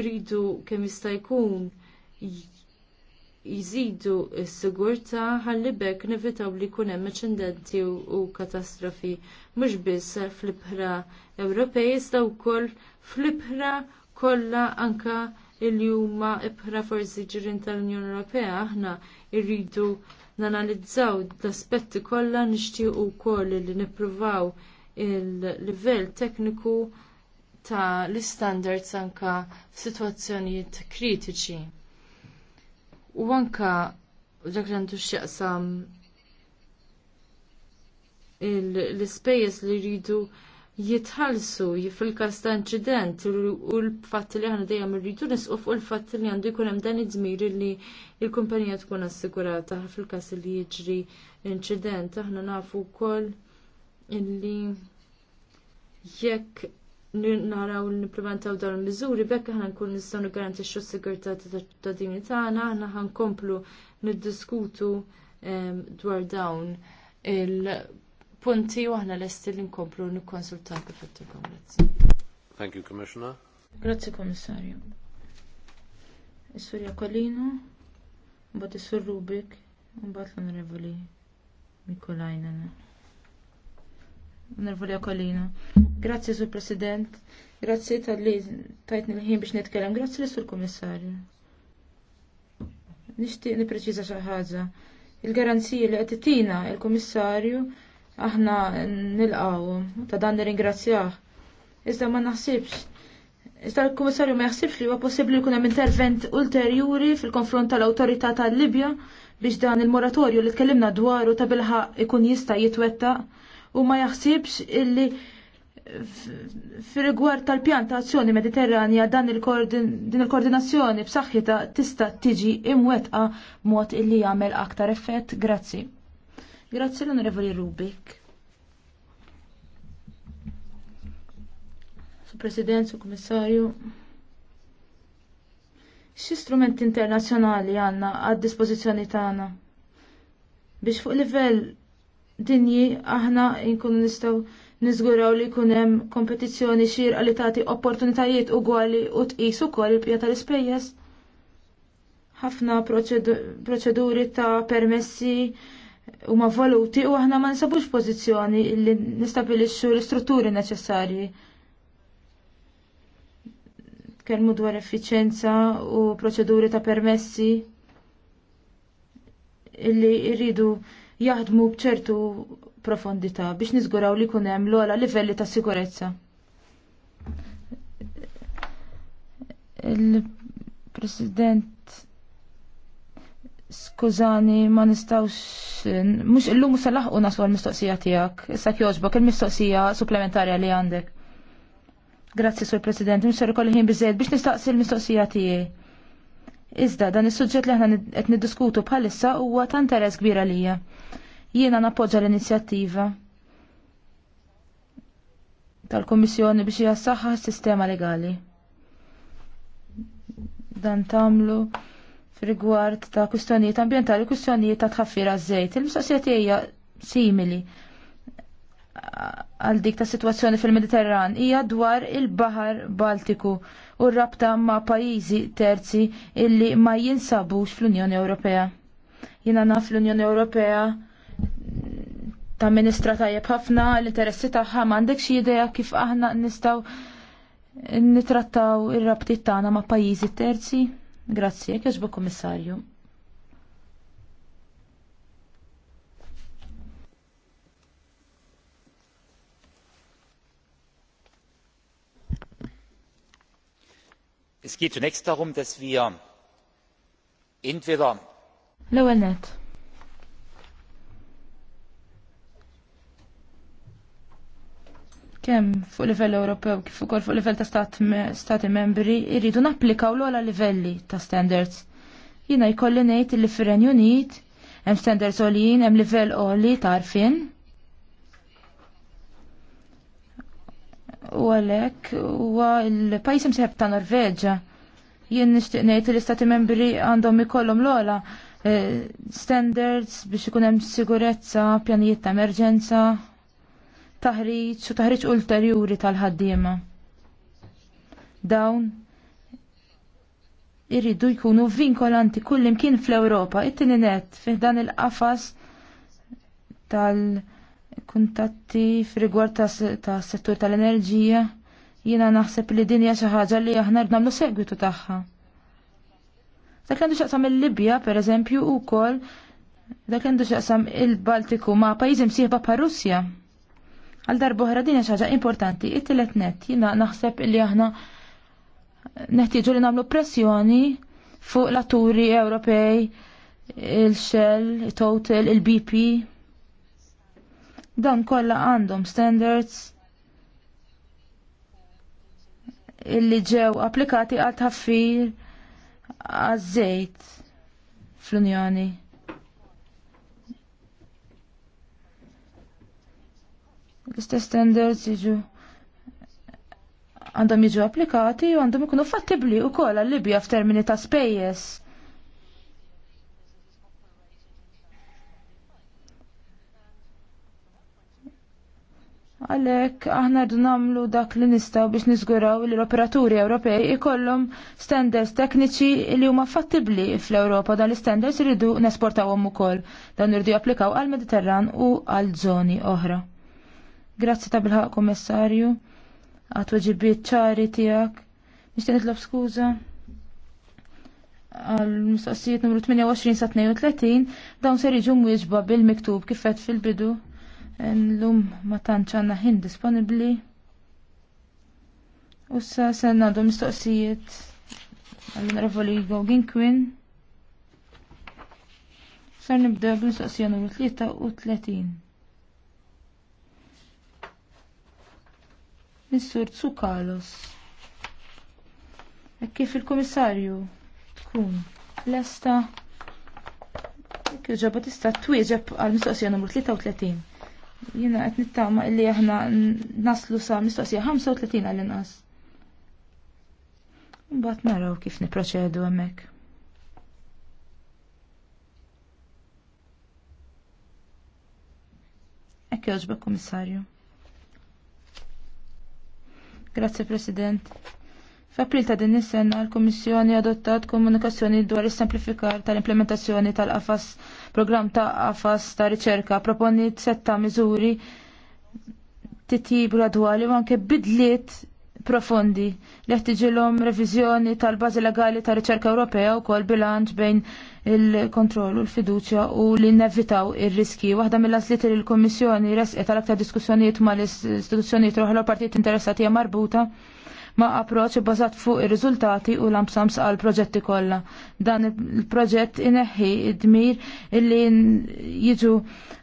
jridu kemm jista' jkun jżidu s-sigurtà ħalli nevitaw li jkun hemm eċendenti u katastrofi mhux biss fl-ibħra Ewropej iżda wkoll fl-ibħra kollha anke li huma ibħra forsi ġirin tal-Unjoni Ewropea aħna rridu nanalizzaw l-aspetti kollha nixtiequ wkoll li nippruvaw il-livell tekniku ta' l-standards anka f'sitwazzjonijiet kritiċi. U anka dak li għandu x'jaqsam l-ispejjeż li rridu Jitħalsu fil-każ ta' inċident u l-fatt li aħna dejjem irridu nisqu fuq il-fatt li għandu jkun hemm dan iż-żmir li l-kumpanija tkun assigurata fil-każ li jiġri inċident. Aħna nafu wkoll illi jekk naraw li nipplementaw dawn il-miżuri bekk aħna nkun nistgħu nigarantixxu s-sigurtà ta' din tagħna, aħna ħankomplu niddiskutu ehm, dwar dawn il- punti u aħna lesti li nkomplu nikkonsultaw kif qed Thank you, Commissioner. Grazzi, Kommissarju. Is-Sur Jakolino, mbagħad is-Sur Rubik, mbagħad l-Onorevoli Mikolajna. Onorevoli Jakolino. Grazie, Sur President. Grazzi tal-li tajtni l-ħin biex nitkellem. Grazzi l-Sur Kommissarju. Nixtieq nipreċiza xi ħaġa il-garanziji li qed titina l aħna nilqaw ta' dan nirringrazzjah. Iżda ma naħsibx. Iżda l-Kummissarju ma jaħsibx li huwa possibbli jkun hemm intervent ulterjuri fil-konfront tal-awtorità tal-Libja biex dan il-moratorju li tkellimna dwaru ta' bilħa ikun jista' jitwettaq u ma jaħsibx illi fil-rigward tal-pjan ta' azzjoni mediterranja dan din il-koordinazzjoni b'saħħitha tista' tiġi imwetqa mod illi jagħmel aktar effett. Grazzi. Grazzi l Rubik. Su President, commissario. Komissarju. Xi strumenti internazzjonali għandna għad dispożizzjoni tagħna? Biex fuq livell dinji aħna nkunu nistgħu niżguraw li jkun hemm kompetizzjoni xierqa li tagħti opportunitajiet ugwali u tqis ukoll il-pija tal-ispejjeż. Ħafna proċeduri ta' permessi ma valuti u aħna ma nsabux pożizzjoni li nistabilixxu l-istrutturi neċessarji. Kelmu dwar effiċenza u proċeduri ta' permessi illi irridu jaħdmu bċertu profondità biex niżguraw li jkun hemm l-ola livelli ta' sikurezza. Il-President Skużani, ma nistawx, mux illum musa laħqu naslu għal-mistoqsija tijak, issa kjoġbok il-mistoqsija supplementarja li għandek. Grazzi, Sur President, mux sarri kolli ħin bizzed biex nistaqsi l-mistoqsija tijie. Iżda, dan is suġġett li ħna qed niddiskutu bħalissa huwa ta' interess kbira lija. Jiena nappoġġa l-inizjattiva tal kummissjoni biex jassaħħa s-sistema legali. Dan tamlu rigward ta' kustjonijiet ambientali, kustjonijiet ta' tħaffira żejt. Il-mistoqsijiet hija simili għal dik ta' situazzjoni fil-Mediterran hija dwar il-Bahar Baltiku u rabta ma' pajjiżi terzi illi ma jinsabux fl-Unjoni Ewropea. Jina naf l-Unjoni Ewropea ta' ministra tajjeb ħafna l-interessi tagħha m'għandek xi idea kif aħna nistgħu nitrattaw ir-rabtiet tagħna ma' pajjiżi terzi. Grazzi, kħeġbu komissarju. Es geht zunächst darum, dass wir entweder L-ewwel kemm fuq livell Ewropew kif ukoll fuq livell ta' stat me, stati membri jridu napplikaw l livelli ta' standards. Jiena jkolli ngħid li fir-Renju Unit hemm standards għolin, hemm livell għoli ta' U għalhekk huwa l-pajjiż imsejħeb ta' Norveġġa. Jien nixtieq ngħid li l-istati membri għandhom ikollhom l-ogħla eh, standards biex ikun hemm sigurezza, pjanijiet ta' emerġenza, taħriġ u taħriġ ulterjuri tal-ħaddiema. Dawn irridu jkunu vinkolanti kullim kien fl-Ewropa, it-tieni net fih dan il-qafas tal-kuntatti f'rigward ta' settur tal-enerġija, jiena naħseb li din hija xi ħaġa li aħna rid nagħmlu segwitu tagħha. Dak għandu xaqsam il-Libja, per eżempju, u kol, dak għandu xaqsam il-Baltiku ma' pajizim siħba pa' Russja. Għal darbohra din ħaġa importanti, it-tielet net jina naħseb li aħna neħtieġu li nagħmlu pressjoni fuq l-atturi Ewropej, il-Shell, il-Total, il-BP. Dan kollha għandhom standards illi ġew applikati għal taffir għaż-żejt fl-Unjoni. l-istess standards jiġu għandhom jiġu applikati u għandhom ikunu fattibli u koll għal-Libja f'termini ta' spejjes. Għalek, aħna rridu namlu dak li nistaw biex nizguraw li l-operaturi Ewropej ikollhom standards tekniċi li huma fattibli fl-Ewropa dan l-standards rridu nesportawhom ukoll dan irridu japplikaw għal-Mediterran u għal żoni oħra. Grazzi ta' bilħaq kommissarju, għat weġibiet ċari tijak. Nishtiq nitlob skuza għal mistoqsijiet numru 28 sa 32 dawn ser jiġu mwieġba bil-miktub kifet fil-bidu l-lum ma tantx għandna ħin disponibbli. U sa se għandhom mistoqsijiet għall-Onorevoli Gogin Quinn. Sar nibda bil-mistoqsija numru 33. Missur Tsoukalos. E kif il-komissarju tkun lesta kif ġabba tista' twieġeb għal mistoqsija numru 33. Jiena qed nittama illi aħna naslu sa mistoqsija 35 għal inqas. Mbagħad naraw kif niproċedu hemmhekk. Ekk jogħġbek, Kummissarju. Grazzi President. F'April ta' din is-sena l-Kummissjoni adottat komunikazzjoni dwar is-semplifikar tal-implementazzjoni tal-qafas programm ta' qafas ta' riċerka proponiet setta miżuri titjib gradwali u anke bidliet profondi li qed tiġilhom reviżjoni tal-bażi legali tar riċerka Ewropea wkoll bilanċ bejn il-kontroll u l-fiduċja u li nevitaw ir-riski. Waħda mill-aslit li l-Kommissjoni resqet tal-aktar diskussjonijiet mal-istituzzjonijiet l partijiet interessati hija marbuta ma' approċ bazat fuq ir-riżultati u l-amsams għal proġetti kollha. Dan il-proġett ineħħi id-dmir illi jiġu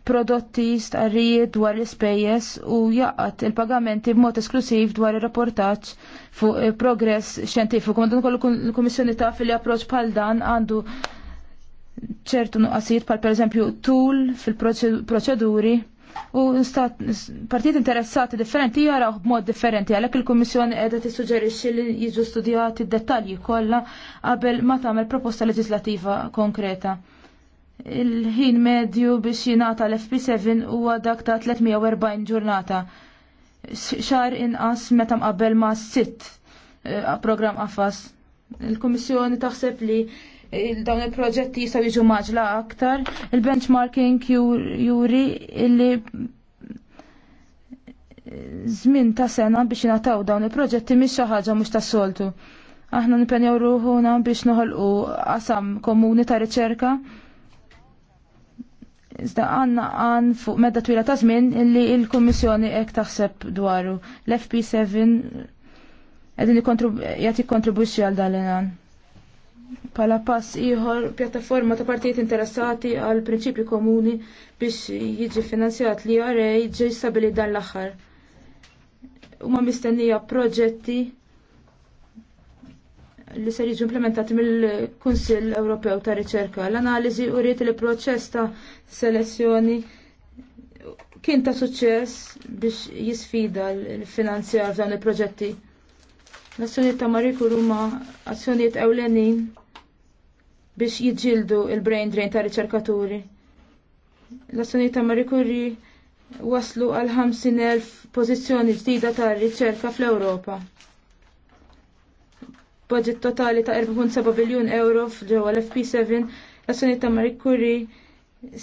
prodotti stqarrijiet dwar l-ispejjeż u jaqgħad il-pagamenti b'mod esklusiv dwar ir-rapportaġġ fuq progress xjentifiku. Madan kollu l-Kummissjoni taf li approċ bħal dan għandu ċertu nuqqasijiet pal per eżempju tul fil-proċeduri u partijiet interessati differenti jaraw b'mod differenti għalhekk il-Kummissjoni qiegħda tissuġġerixxi li jiġu studjati d-dettalji kollha qabel ma tagħmel proposta leġislativa konkreta il-ħin medju biex jingħata l-FP7 huwa dak ta' 340 ġurnata. Xar inqas meta mqabbel ma' sitt eh, programm qafas. Il-Kummissjoni taħseb li dawn il-proġetti jistaw jiġu maġla aktar, il-benchmarking juri illi żmien ta' sena biex nataw dawn il-proġetti mis xi ħaġa mhux tas-soltu. Aħna nipenjaw ruħuna biex noħolqu qasam komuni ta' riċerka Iżda għanna għan fuq medda twila ta' żmien illi il-Kommissjoni hekk taħseb dwaru. L-FP7 qegħdin jagħti kontribuċi għal dan pala pass ieħor pjattaforma ta' partijiet interessati għal prinċipju komuni biex jiġi finanzjat li RA ġej stabili dan l-aħħar. Huma mistennija proġetti li ser jiġu implementati mill-Kunsill Ewropew ta' Riċerka. L-analiżi uriet li proċess ta' selezzjoni kien ta' suċċess biex jisfida l-finanzjar f'dawn il-proġetti L-azzjoniet ta' Marikur huma azzjoniet ewlenin biex jiġġieldu il-brain drain ta' riċerkaturi. L-azzjoniet ta' Marikuri waslu għal 50.000 pożizzjoni ġdida ta' riċerka fl-Ewropa. Budget totali ta' 4.7 biljun euro ġewa l-FP7 l-azzjoniet ta' Marikuri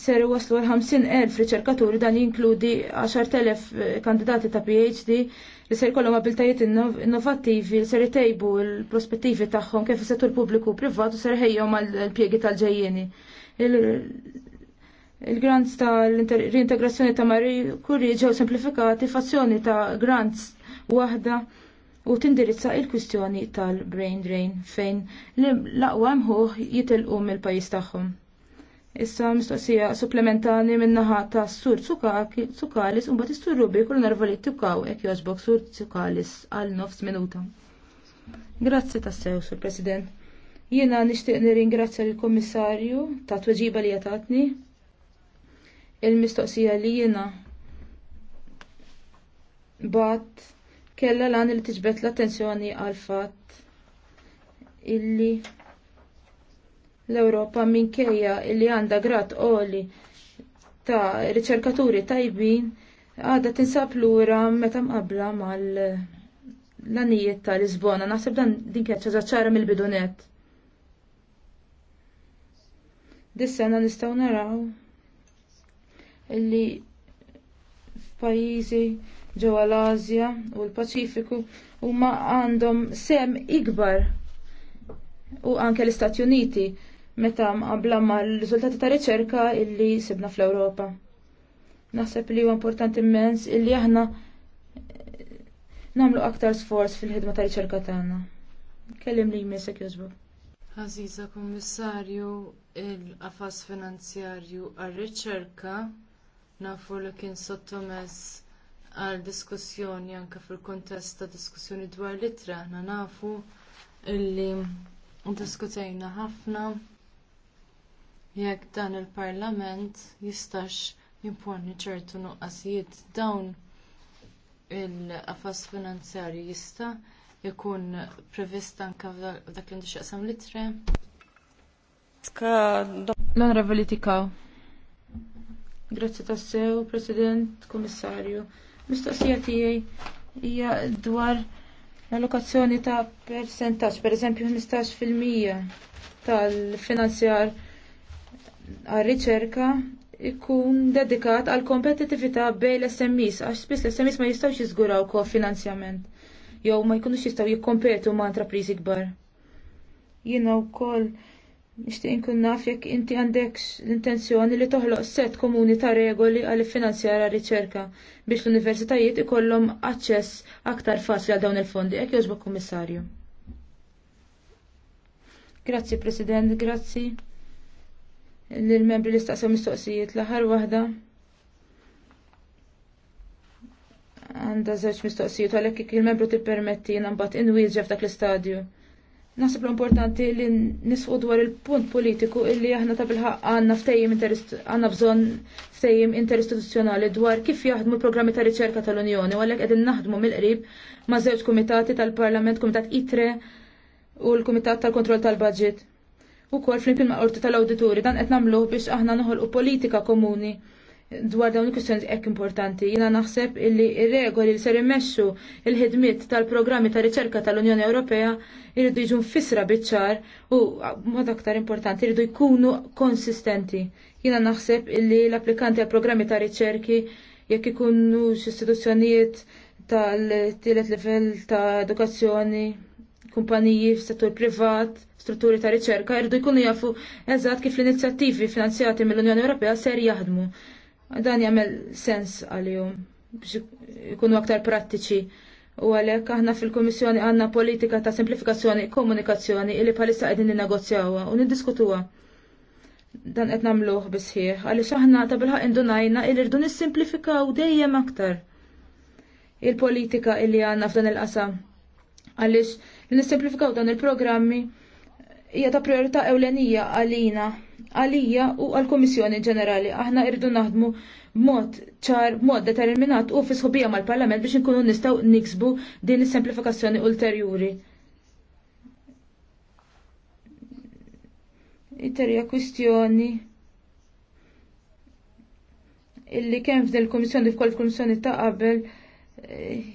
ser waslu għal 50.000 riċerkaturi dan jinkludi 10.000 eh, kandidati ta' PhD li ser jkollhom abbiltajiet innovattivi li ser jtejbu l-prospettivi tagħhom kif is-settur pubbliku privat u ser ħejjhom għall-pjegi tal-ġejjieni. Il-grants tal-reintegrazzjoni ta' Marie Curie ġew semplifikati fazzjoni ta' grants waħda u tindirizza il-kwistjoni tal-brain drain fejn l-aqwa mħuħ jitilqu mill-pajjiż tagħhom. Issa mistoqsija supplementani min-naħa ta' sur Sukalis un mbagħad is-sur Rubi kull narva li tukaw hekk jogħġbok sur Sukalis għal nofs minuta. Grazzi tassew, sur President. Jiena nixtieq nirringrazzja lill-Kummissarju ta' tweġiba li jatatni. Il-mistoqsija li jiena bat kella lan li tiġbed l-attenzjoni għal fatt illi L-Ewropa minkejja li għandha grat qoli ta' riċerkaturi tajbin għadha tinsab lura meta mqabbla mal l-anijiet ta' Lisbona. Naħseb dan din kħedċa ċaġa mill-bidunet. Dis-sena nistgħu naraw illi f'pajjiżi ġewwa l-Asja u l-Paċifiku huma għandhom sem ikbar u anke l-Istati Uniti meta mqabla mal-riżultati ta' riċerka illi sibna fl-Ewropa. Naħseb li huwa importanti immens illi aħna nagħmlu aktar sforz fil-ħidma ta' riċerka tagħna. Kellim li jmissek jużbu. Aziza Kummissarju, il-qafas finanzjarju għar-riċerka nafu li kien sottomess għal diskussjoni anke fil-kontest ta' diskussjoni dwar l-itra, nafu illi diskutejna ħafna jekk dan il-Parlament jistax jimponi ċertu nuqqasijiet dawn il affas finanzjarji jista jkun prevista anke dak li xaqsam litre. L-Onorevoli Tikaw. Grazzi tassew, President, Kummissarju. Mistoqsija tiegħi hija dwar l-allokazzjoni ta' percentaġġ, pereżempju 15% tal-finanzjar għal riċerka ikun dedikat għal kompetitività bejn l-SMEs, għax spiss l-SMEs ma jistgħux jiżguraw finanzjament jew ma jkunux jistgħu jikkompetu ma' intrapriżi kbar. Jiena wkoll nixtieq inkun naf jekk inti għandek l-intenzjoni li toħloq set komuni ta' regoli għal finanzjar riċerka biex l-universitajiet ikollhom aċċess aktar faċli għal dawn il-fondi. Hekk jogħġbok kummissarju. Grazzi President, grazzi l membri li staqsew mistoqsijiet l-aħħar waħda. Għandha żewġ mistoqsijiet għalhekk kif il-membru tippermettina mbagħad inwieġeb f'dak l-istadju. Naħseb l-importanti li nisqu dwar il-punt politiku illi aħna ta' bilħaq għandna ftejjim għandna bżonn ftejjim interistituzzjonali dwar kif jaħdmu l-programmi ta' riċerka tal-Unjoni u għalhekk qegħdin naħdmu mill-qrib ma' żewġ kumitati tal-Parlament, Kumitat ITRE u l-Kumitat tal-Kontroll tal-Budget ukoll flimkien ma' qorti tal-awdituri dan qed nagħmlu biex aħna noħolqu politika komuni dwar dawn il kustjoni hekk importanti. Jiena naħseb illi il regoli li ser immexxu il-ħidmiet tal-programmi ta' riċerka tal-Unjoni Ewropea jridu jiġu mfissra biċ-ċar u mod aktar importanti jridu jkunu konsistenti. Jiena naħseb illi l-applikanti għal programmi ta' riċerki jekk ikunu istituzzjonijiet tal-tielet livell ta' edukazzjoni, kumpaniji f'settur privat, strutturi ta' riċerka irdu jkunu jafu eżatt kif l-inizjattivi finanzjati mill-Unjoni Ewropea ser jaħdmu. Dan jagħmel sens għalihom biex ikunu aktar prattiċi. U għalhekk aħna fil kummissjoni għandna politika ta' semplifikazzjoni komunikazzjoni li palissa qegħdin ninnegozjawha u niddiskutuha Dan qed nagħmluh bisħieħ għaliex aħna ta' bilħaq indunajna li rdu nissimplifikaw dejjem aktar il-politika illi għanna f'dan il-qasam. Għaliex li nissimplifikaw dan il-programmi hija ta' priorità ewlenija għalina, għalija u għall-Kummissjoni Ġenerali. Aħna irridu naħdmu b'mod ċar, b'mod determinat u fi sħobija mal-Parlament biex inkunu nistgħu niksbu din is-semplifikazzjoni ulterjuri. Iterja kwistjoni illi kemm f'del kummissjoni f'kol f'Komissjoni ta' qabel eh,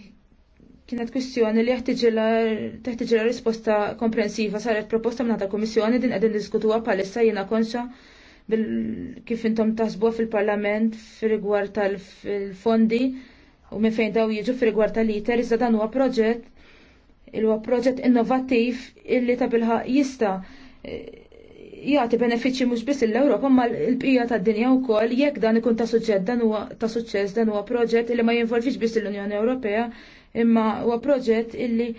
Kienet kwistjoni li la risposta komprensiva saret proposta minn tal-Kummissjoni din qegħdin diskutuha bħalissa jiena konxa kif intom tasbuha fil-Parlament fir-rigward tal-fondi u minn fejn daw jiġu fir-rigward tal-iter iżda dan huwa proġett il huwa proġett innovattiv illi ta' bilħa jista' jagħti benefiċċji mhux biss l-Ewropa ma l-bqija tad-dinja wkoll jekk dan ikun ta' suġġett dan huwa ta' suċċess dan huwa proġett li ma jinvolvix biss l-Unjoni Ewropea imma huwa proġett illi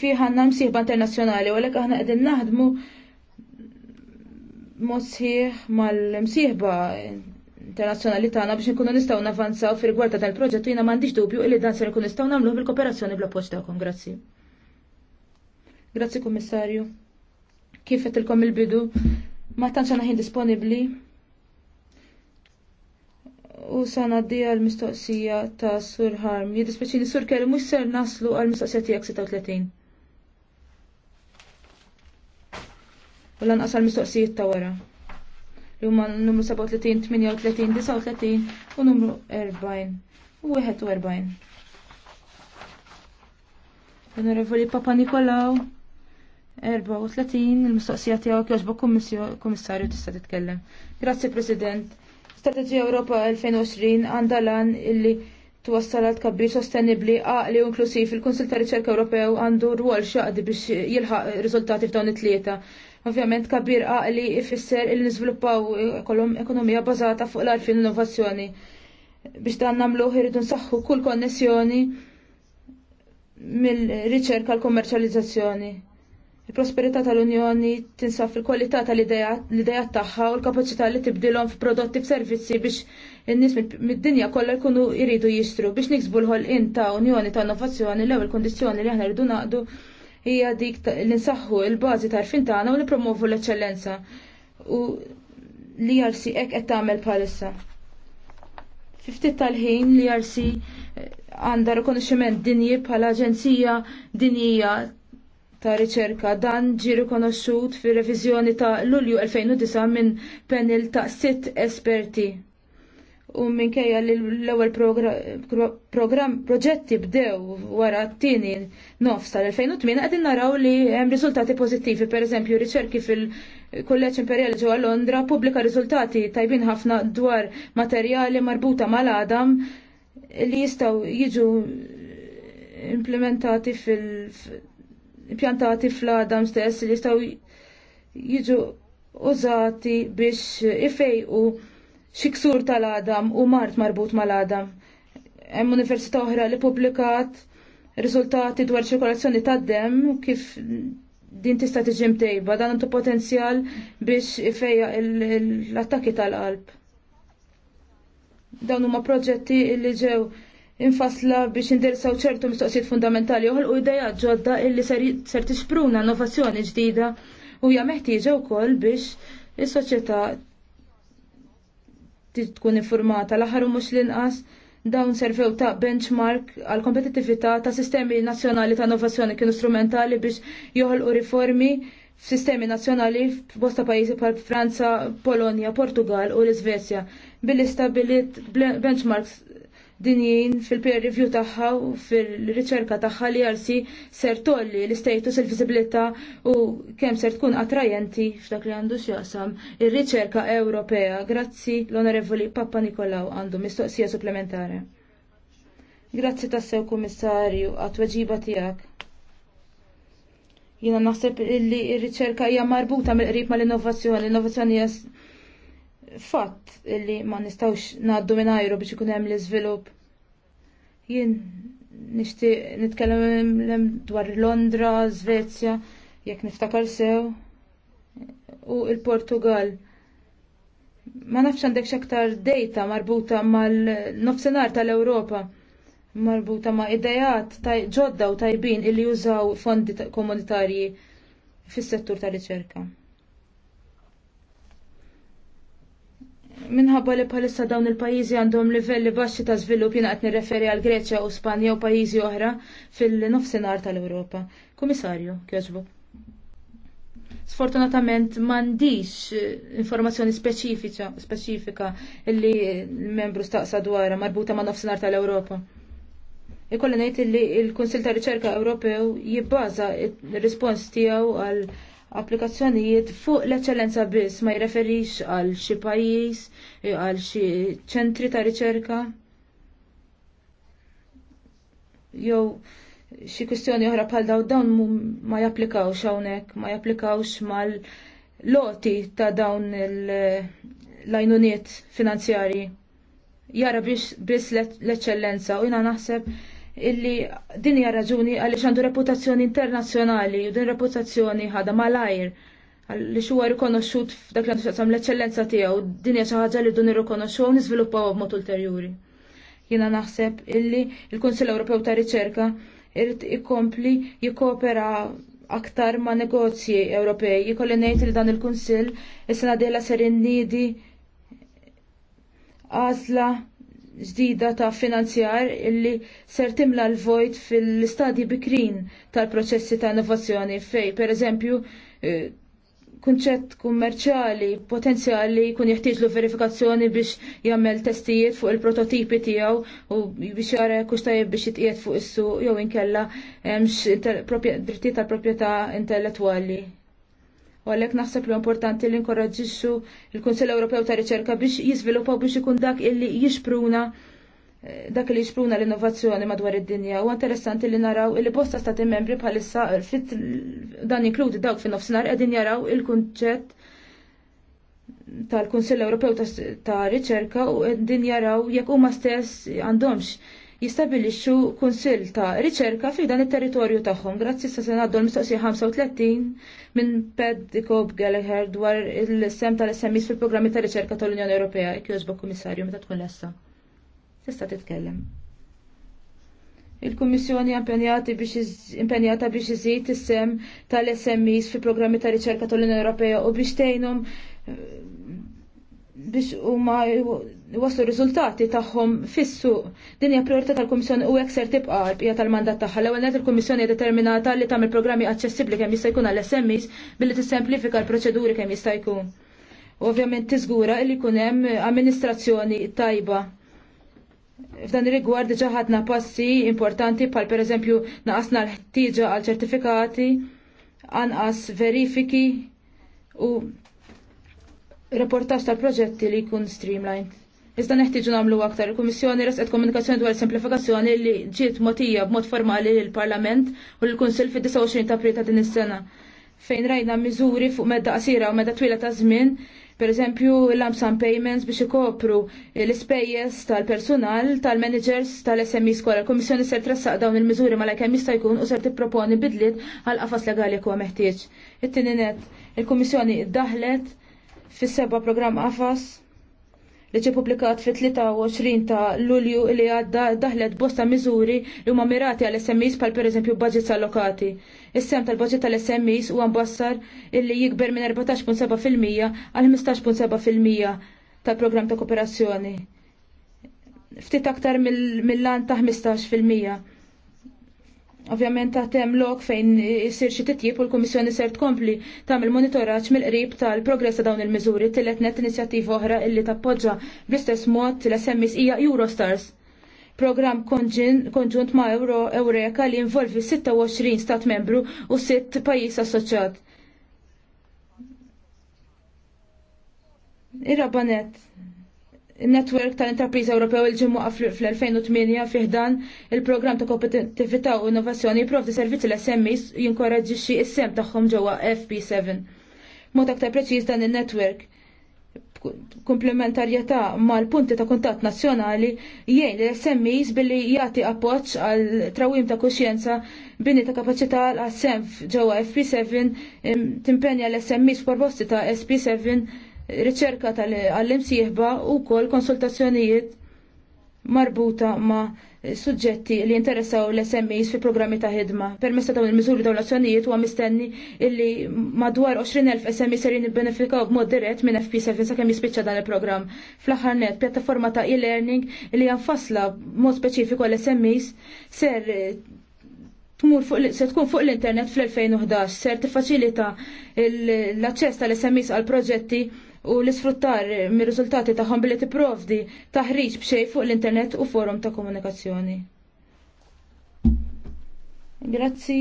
fih għandna msieħba internazzjonali u għalhekk aħna qegħdin naħdmu mod sħiħ mal-msieħba internazzjonali tagħna biex nkunu nistgħu navanzaw fir-rigward ta' tal-proġett jiena m'għandix dubju li dan se nkunu nistgħu nagħmluh bil-kooperazzjoni bl-appoġġ tagħkom. Grazzi. Grazzi Kummissarju. Kif qed ilkom il-bidu ma tantx aħna ħin disponibbli U sana di għal-mistoqsija ta' Sur Harm. Jidispeċini Sur Kelly, mux ser naslu għal-mistoqsija tijak 36. U lanqas qasal mistoqsijiet ta' wara. Jumma numru 37, 38, 39 u numru 40. U 41. Onorevoli Papa Nikolaw, 34, il-mistoqsija tijak joġbo kommissarju tista' titkellem. Grazie, President. Strategija Ewropa 2020 għandha lan illi twassalat kabbir sostenibli għaqli u inklusiv il-Kunsil ta' Riċerka Ewropew għandu rwol xaqdi biex jilħaq riżultati f'dawn it-tlieta. Ovvjament kabbir għaqli ifisser il niżviluppaw ekonomija bażata fuq l-arfin innovazzjoni. Biex dan nagħmluh irridu nsaħħu kull konnessjoni mill-riċerka l kommerċalizzazzjoni Il-prosperità tal-Unjoni tinsab il kwalità tal l-idea tagħha u l-kapaċità li tibdilhom f'prodotti f'servizzi biex in-nies mid-dinja kollha jkunu jridu jistru biex niksbu l-ħolqien ta' Unjoni ta' Innovazzjoni l-ewwel kondizzjoni li aħna rridu naqdu hija dik li nsaħħu l-bażi tarfin tagħna u nippromovu l-eċċellenza u li jarsi hekk qed tagħmel bħalissa. Fiftit tal-ħin li jarsi eh, għandha rikonoxximent dinji bħala aġenzija dinjija ta' riċerka dan ġi rikonoxxut fir reviżjoni ta' Lulju 2009 minn panel ta' sitt esperti. U minkejja li l-ewwel programm proġetti bdew wara t-tieni nofs tal-2008 qegħdin naraw li hemm riżultati pożittivi, pereżempju riċerki fil-Kulleġġ Imperjali ġewwa Londra pubblika riżultati tajbin ħafna dwar materjali marbuta mal-Adam li jistgħu jiġu implementati fil pjantati fl-adam stess li jistaw jiġu użati biex ifejqu xiksur tal-adam u mart marbut mal-adam. Hemm università oħra li publikat riżultati dwar ċirkolazzjoni tad-dem kif din tista' tiġi mtejba dan għandu potenzjal biex ifejja l-attakki tal-qalb. Dawn huma proġetti li ġew infasla biex indirsaw ċertu mistoqsijiet fundamentali uħal u ideja ġodda illi ser tispruna innovazzjoni ġdida u hija meħtieġa wkoll biex is-soċjetà tkun informata l-aħħar u mhux l-inqas dawn servew ta' benchmark għal kompetittività ta' sistemi nazzjonali ta' innovazzjoni kienu strumentali biex joħolqu riformi f'sistemi nazzjonali f'bosta pajjiżi bħal Franza, Polonja, Portugal u l-Iżvezja billi stabilit benchmarks dinjien fil-peer review tagħha u fil-riċerka tagħha li RC ser tolli l-istatus il-visibilità u kemm ser tkun attrajenti f'dak li għandu x'jaqsam ir-riċerka Ewropea. Grazzi l-Onorevoli Papa Nikolaw għandu mistoqsija supplementari. Grazzi tassew kummissarju għat-tweġiba tiegħek jina naħseb illi il-riċerka hija marbuta mill-qrib mal-innovazzjoni. L-innovazzjoni fatt li ma nistawx naddu minn ajru biex ikun hemm l-iżvilupp. Jien nixtieq nitkellem dwar Londra, Svezja, jekk niftakar sew, u il-Portugal. Ma nafx għandek xaktar data marbuta mal-nofsenar tal-Ewropa, marbuta ma' idejat ta' ġodda u tajbin illi jużaw fondi komunitarji fis-settur tal riċerka. minħabba li bħalissa dawn il-pajjiżi għandhom livelli baxxi ta' żvilupp jiena qed nirreferi għal Greċja u Spanja u pajjiżi oħra fil-nofsinhar tal-Ewropa. Kummissarju, kjoġbu. Sfortunatament m'għandix eh, informazzjoni speċifika speċifika li l-membru staqsa dwarha marbuta ma' nofsinhar tal-Ewropa. Ikolli ngħid li l-Kunsil ta' Riċerka Ewropew jibbaża r-rispons tiegħu għal applikazzjonijiet fuq l-eċċellenza biss ma jreferix għal xi pajjiż eh, għal xi ċentri ta' riċerka jew xi kwistjoni oħra bħal daw dawn ma japplikawx hawnhekk, ma japplikawx mal-loti ta' dawn l-għajnuniet finanzjarji. Jara biss l-eċċellenza u jina naħseb illi din hija raġuni għaliex għandu reputazzjoni internazzjonali u din reputazzjoni ħada malajr li huwa rikonoxxut f'dak li għandu l-eċċellenza tiegħu din hija xi ħaġa li dun irrikonoxxu u niżviluppaw b'mod ulterjuri. Jiena naħseb illi l-Kunsill Ewropew ta' Riċerka irid ikompli jikkopera aktar ma' negozji Ewropej. Jikolli ngħid li dan il-Kunsill is-sena dela ser innidi għażla ġdida ta' finanzjar illi ser timla l-vojt fil-stadji bikrin tal-proċessi ta' innovazzjoni fej, per eżempju, eh, kunċett kummerċali potenzjali kun jeħtieġlu verifikazzjoni biex jagħmel testijiet fuq il-prototipi tiegħu u biex jara kux tajjeb biex jitqiegħed fuq issu jew inkella hemmx drittijiet tal-proprjetà intellettwali U għalhekk naħseb li importanti li nkoraġġixxu il-Kunsill Ewropew ta' Riċerka biex jiżviluppaw biex ikun dak illi jixpruna eh, dak li jispruna l-innovazzjoni madwar id-dinja. U interessanti li naraw li bosta stati membri bħalissa fit dan inkludi dawk fin nofsinhar qegħdin jaraw il-kunċett tal-Kunsill Ewropew ta' Riċerka u qegħdin jaraw jekk huma stess għandhomx jistabilixxu kunsill ta' riċerka fi dan it-territorju tagħhom. Grazzi sa se għaddu l-mistoqsija 35 minn Pedico Gallagher dwar il-sem tal-SMIs fil-programmi ta' riċerka tal-Unjoni Ewropea. Jkjożbok kummissarju meta tkun lesta. Tista' titkellem. Il-Kummissjoni impenjata biex iżid is-sem tal smis fil programmi ta' riċerka tal-Unjoni Ewropea u biex tgħinhom biex huma jwaslu riżultati tagħhom fissu din hija priorità tal-Kummissjoni u hekk ser tibqa' l-bqija tal-mandat tagħha. L-ewwel net il-Kummissjoni determinata li tagħmel programmi aċċessibbli kemm jista' jkun għall-SMEs billi tissemplifika l-proċeduri kemm jista' jkun. Ovvjament tiżgura li jkun hemm amministrazzjoni tajba. F'dan ir-rigward diġà ħadna passi importanti bħal pereżempju naqasna l-ħtieġa għal ċertifikati, anqas verifiki u reportaġġ tal-proġetti li jkun streamlined. Iżda neħtieġu nagħmlu aktar. Il-Kummissjoni resqet komunikazzjoni dwar semplifikazzjoni li ġiet motija b'mod formali lill parlament u l-Kunsill fid-29 ta' April ta' din is-sena fejn rajna miżuri fuq medda qasira u medda twila ta' żmien, pereżempju l amsan payments biex ikopru l-ispejjeż tal-personal, tal-managers, tal-SMI skola. l kummissjoni ser tressaq dawn il-miżuri malajkemm jista' jkun u ser tipproponi bidliet għal qafas legali kwa meħtieġ. It-tieni il-Kummissjoni daħlet fis-seba' programm AFAS li ġie publikat fi 23 ta' Lulju li għadda daħlet bosta miżuri li huma mirati għal SMEs pal pereżempju budgets allokati. Is-sem tal-budget tal-SMEs huwa mbassar illi jikber minn 14.7% għal 15.7% tal-programm ta' kooperazzjoni. Ftit aktar mill-lan ta' 15%. Ovvjament tem lok fejn jisir xi titjib u l-Kummissjoni ser tkompli tagħmel monitoraċ mill-qrib tal-progress ta' dawn il-miżuri tillet net inizjattiva oħra illi tappoġġa bl-istess mod l-SMIs hija Eurostars. Programm konġunt ma' Euro Eureka li involvi 26 stat membru u 6 pajjiż assoċjat. Ira banet. Network tal-Intrapriż Ewropew il-ġimmu fl-2008 fiħdan il-programm ta' kompetitività u innovazzjoni jipprovdi servizzi l-SMEs jinkoraġġixxi is-sem tagħhom ġewwa FP7. Mod aktar preċiż dan in-network komplementarjetà mal-punti ta' kuntatt nazzjonali jgħin l SMEs billi jagħti appoġġ għal trawim ta' kuxjenza bini ta' kapaċità għas-sem ġewwa FP7 timpenja l-SMEs f'proposti ta' SP7 riċerka tal-imsieħba u kol konsultazzjonijiet marbuta ma' suġġetti li interessaw l-SMEs fi programmi ta' ħidma. Permessa ta' il-miżuri dawn l-azzjonijiet u mistenni illi madwar 20,000 SME ser jibbenefikaw b'mod dirett minn FP Service kem jispiċċa dan il-programm. Fl-aħħar pjattaforma ta' e-learning li janfasla mod speċifiku l smes ser eh, tmur fuq se tkun fuq l-internet fl-2011 ser tiffaċilita l-aċċess tal-SMEs għal proġetti u l-isfruttar mir-riżultati tagħhom billi tipprovdi taħriġ b'xej fuq l-internet u forum ta' komunikazzjoni. Grazzi.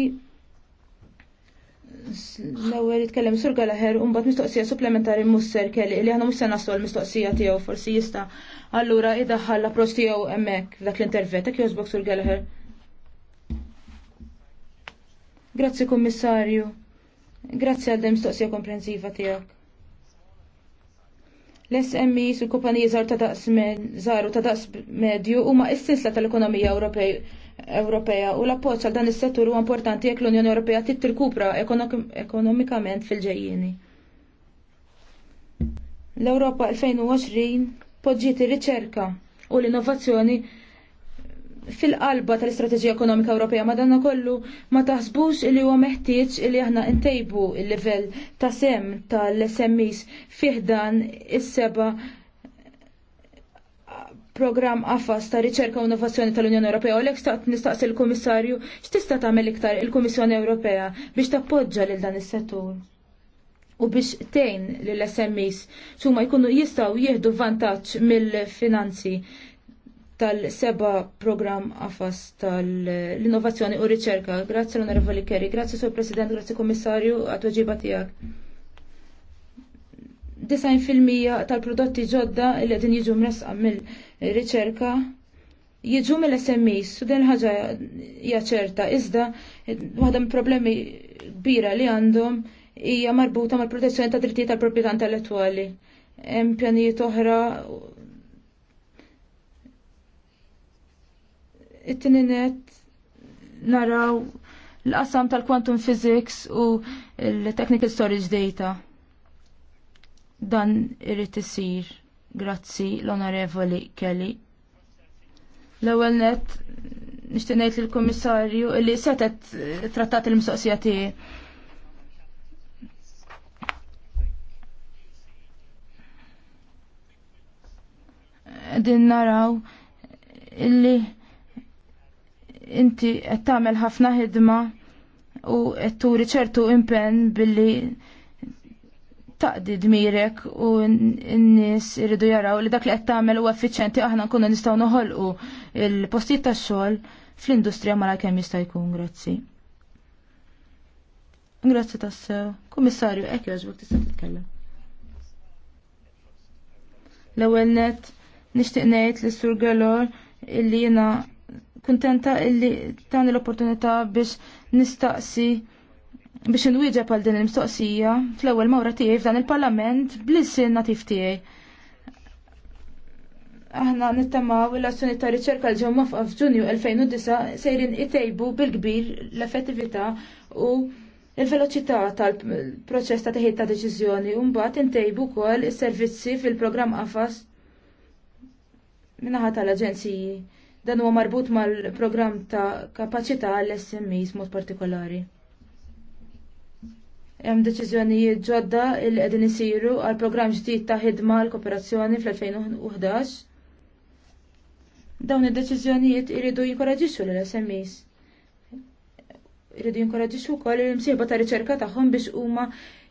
L-ewwel jitkellem Sur Galaher u mbagħad mistoqsija supplementari Musser Kelly li aħna mhux se naslu l-mistoqsija tiegħu forsi jista' allura idaħħal l-approċċ tiegħu hemmhekk dak l-intervett hekk jogħġbok Sur Galaher. Grazzi Kummissarju. Grazzi għal mistoqsija komprensiva tiegħek. L-SMEs, u kumpaniji zaru ta' daqs medju huma s-sisla tal-ekonomija Ewropea u l-appoġġ għal dan is-settur huwa importanti jekk l-Unjoni Ewropea trid tirkupra ekonomikament fil-ġejjieni. L-Ewropa 2020 poġġiet ir-riċerka u l-innovazzjoni fil-qalba tal-Istrateġija Ekonomika Ewropea madanna kollu ma taħsbux li huwa meħtieġ li aħna ntejbu il-livell ta' sem tal-SMEs fiħdan is-seba program AFAS ta' riċerka u innovazzjoni tal-Unjoni Ewropea u l-ek staqt nistaqsi l-Kummissarju x'tista' tagħmel iktar il-Kummissjoni Ewropea biex tappoġġa lil dan is-settur u biex tgħin lill smes x'huma jkunu jistgħu jieħdu vantaġġ mill-finanzi tal-seba program għafas tal-innovazzjoni u riċerka. Grazie l-onorevoli Kerry, Grazie, sur President, grazzi Komissarju għat-weġiba tijak. filmija tal-prodotti ġodda li din jiġu mresqa mill-riċerka jiġu mill-SMEs, u din ħaġa jaċerta, iżda waħda problemi kbira li għandhom hija marbuta mal-protezzjoni ta' drittijiet tal-proprjetà intellettwali. Hemm pjanijiet oħra It-tininet naraw l-qasam tal-quantum physics u l-technical storage data. Dan irrid isir grazzi l-onorevoli Kelly. L-ewwel net nixtieq ngħid lill-Kummissarju li setet trattat il-mistoqsija tiegħi. Din naraw illi inti qed tagħmel ħafna ħidma u qed turi ċertu impenn billi taqdi dmirek u n-nies iridu jaraw li dak li qed tagħmel huwa effiċjenti aħna nkunu nistgħu noħolqu il-postijiet tax-xogħol fl-industrija kemm jista' jkun grazzi. Grazzi tas. Kummissarju, hekk jogħġbok tista' titkellem. L-ewwel net nixtieq ngħid lis sur Galor illi jiena kuntenta illi tani l-opportunità biex nistaqsi biex nwieġeb għal din il-mistoqsija fl-ewwel mawra tiegħi f'dan il-Parlament bl-issin nativ tiegħi. Aħna nittamaw l-azzjoni ta' riċerka l ġemma f'Ġunju 2009 sejrin itejbu bil-kbir l-effettività u il-veloċità tal-proċess ta' teħid ta' deċiżjoni u mbagħad intejbu wkoll is-servizzi fil-programm AFAS minnaħa tal-aġenziji Dan huwa marbut mal-programm ta' kapaċità għall smis mod partikolari. Hemm deċiżjonijiet ġodda li qegħdin isiru għal programm ġdid ta' ħidma l kooperazzjoni fl-2011. Dawn id-deċiżjonijiet iridu jinkoraġixxu l smis Iridu jinkoraġixxu wkoll il msieħba ta' riċerka tagħhom biex huma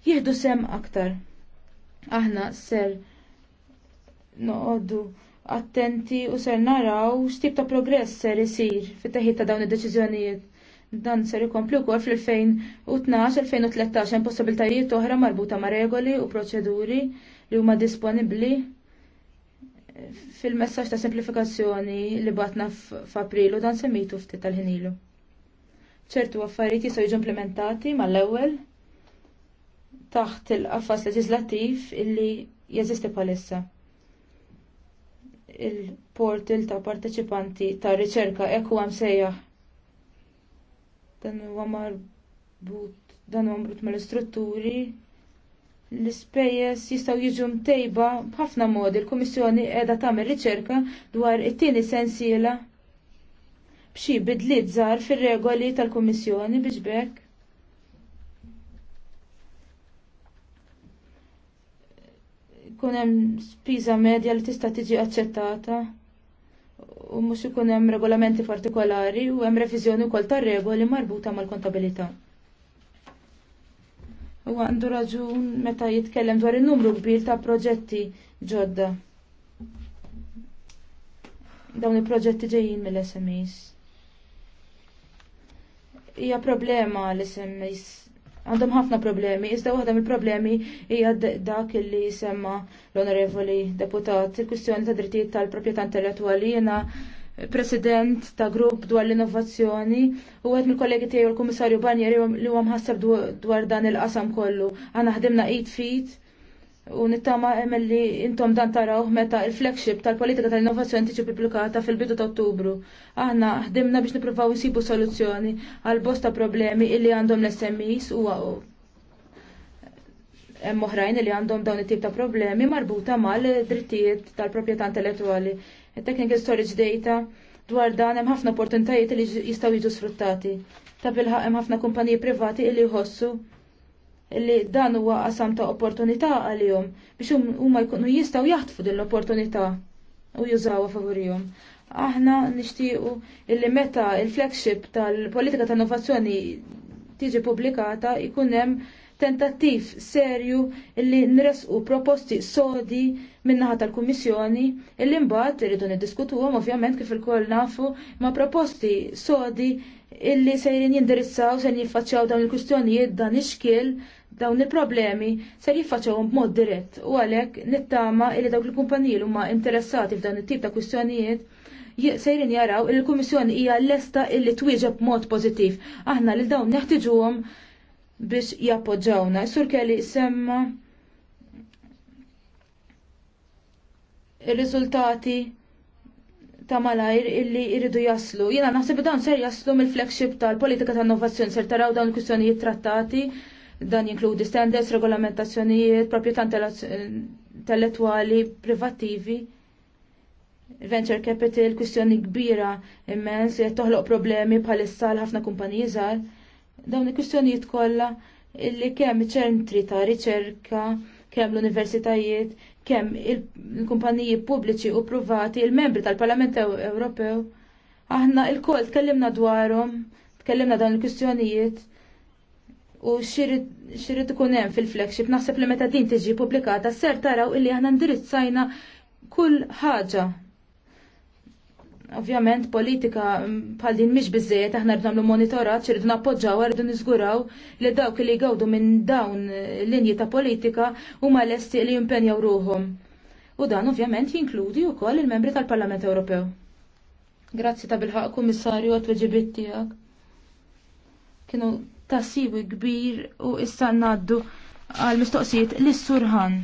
jieħdu sem aktar. Aħna ser noqogħdu attenti u ser naraw x'tip ta' progress ser isir fit-teħid ta' dawn id-deċiżjonijiet. Dan ser ikomplu wkoll fl-2012-2013 hemm possibiltajiet oħra marbuta ma' regoli u proċeduri li huma disponibbli fil-messaġġ ta' semplifikazzjoni li batna f'Aprilu dan semmitu ftit tal-ħinilu. ċertu affarijiet jistgħu jiġu implementati mal-ewwel taħt il-qafas leġislattiv illi jeżisti bħalissa il-portal ta' parteċipanti ta' riċerka ekku għam sejjaħ. Dan huwa marbut dan huwa marbut mal-istrutturi l-ispejjeż jistgħu jiġu mtejba b'ħafna modi l-Kummissjoni qiegħda tagħmel riċerka dwar it-tieni sensiela b'xi bidliet żgħar fir-regoli tal-Kummissjoni biex bekk ikun hemm spiża medja li tista' tiġi aċċettata u mhux ikun hemm regolamenti partikolari u hemm reviżjoni wkoll tar-regoli marbuta mal-kontabilità. U għandu raġun meta jitkellem dwar in-numru kbir ta' proġetti ġodda. Dawn il-proġetti ġejjin mill-SMEs. Hija problema l-SMEs għandhom ħafna problemi, iżda waħda mill-problemi hija dak li semma l-onorevoli deputat il-kwistjoni ta' drittijiet tal-proprjetà intellettwali jiena president ta' grupp dwar l-innovazzjoni u għed mill-kollegi tiegħu l-Kummissarju Banjeri li huwa ħassab dwar dan il-qasam kollu. Għana ħdimna 8 feet u nittama li intom dan taraw meta il-flagship tal-politika tal-innovazzjoni tiġi pubblikata fil-bidu ta' Ottubru. Aħna ħdimna biex nippruvaw nsibu soluzzjoni għal bosta problemi illi għandhom l-SMEs u hemm oħrajn li għandhom dawn it-tip ta' problemi marbuta mal-drittijiet tal-proprjetà intellettwali. Technical storage data dwar dan hemm ħafna opportunitajiet li jistgħu jiġu sfruttati. Ta' bilħaq hemm ħafna kumpaniji privati li jħossu li dan huwa qasam ta' opportunità għalihom biex huma jkunu jistgħu jaħtfu din l-opportunità u jużawha favorihom. Aħna nixtiequ illi meta il-flagship tal-politika ta' innovazzjoni tiġi pubblikata jkun hemm tentattiv serju illi nresqu proposti sodi minnaħa tal-Kummissjoni illi mbagħad irridu niddiskutuhom ovvjament kif ilkoll nafu ma' proposti sodi illi sejrin jindirizzaw se jiffaċċjaw dawn il-kwistjonijiet dan ix-xkiel dawn il-problemi ser jiffaċċawhom b'mod dirett u għalhekk nittama li dawk il-kumpaniji li huma interessati f'dan it-tip ta' kwistjonijiet sejrin jaraw il kummissjoni hija lesta illi twieġeb b'mod pożittiv. Aħna li dawn neħtiġuhom biex jappoġġawna. Sur kelli semma il riżultati ta' malajr illi jridu jaslu. Jiena naħseb dawn ser jaslu mill-flagship tal-politika tal innovazzjoni ser taraw dawn il-kwistjonijiet trattati Dan jinkludi standards, regolamentazzjonijiet, proprjetà intellettuali, privattivi, venture capital, kwistjoni kbira immens li qed toħloq problemi bħalissa l ħafna kumpaniji żgħar. Dawn il-kwistjonijiet kollha illi kemm ċentri ta' riċerka, kemm l-universitajiet, kemm il-kumpaniji pubbliċi u privati, il-membri tal-Parlament Ewropew, aħna il-koll tkellimna dwarhom, tkellimna dawn il-kwistjonijiet u xirrit kunem hemm fil-flagship naħseb li meta din tiġi publikata, ser taraw illi aħna ndirizzajna kull ħaġa. Ovvjament politika bħal din mhix biżejjed aħna rridu nagħmlu monitorat xirridu nappoġġaw rridu niżguraw li dawk li jgawdu minn dawn linji ta' politika huma lesti li jimpenjaw ruhom. U dan ovvjament jinkludi wkoll il-membri tal-Parlament Ewropew. Grazzi ta' bilħaq kummissarju għat tiegħek. Kienu tassibu kbir u issa naddu għal mistoqsijiet lis surħan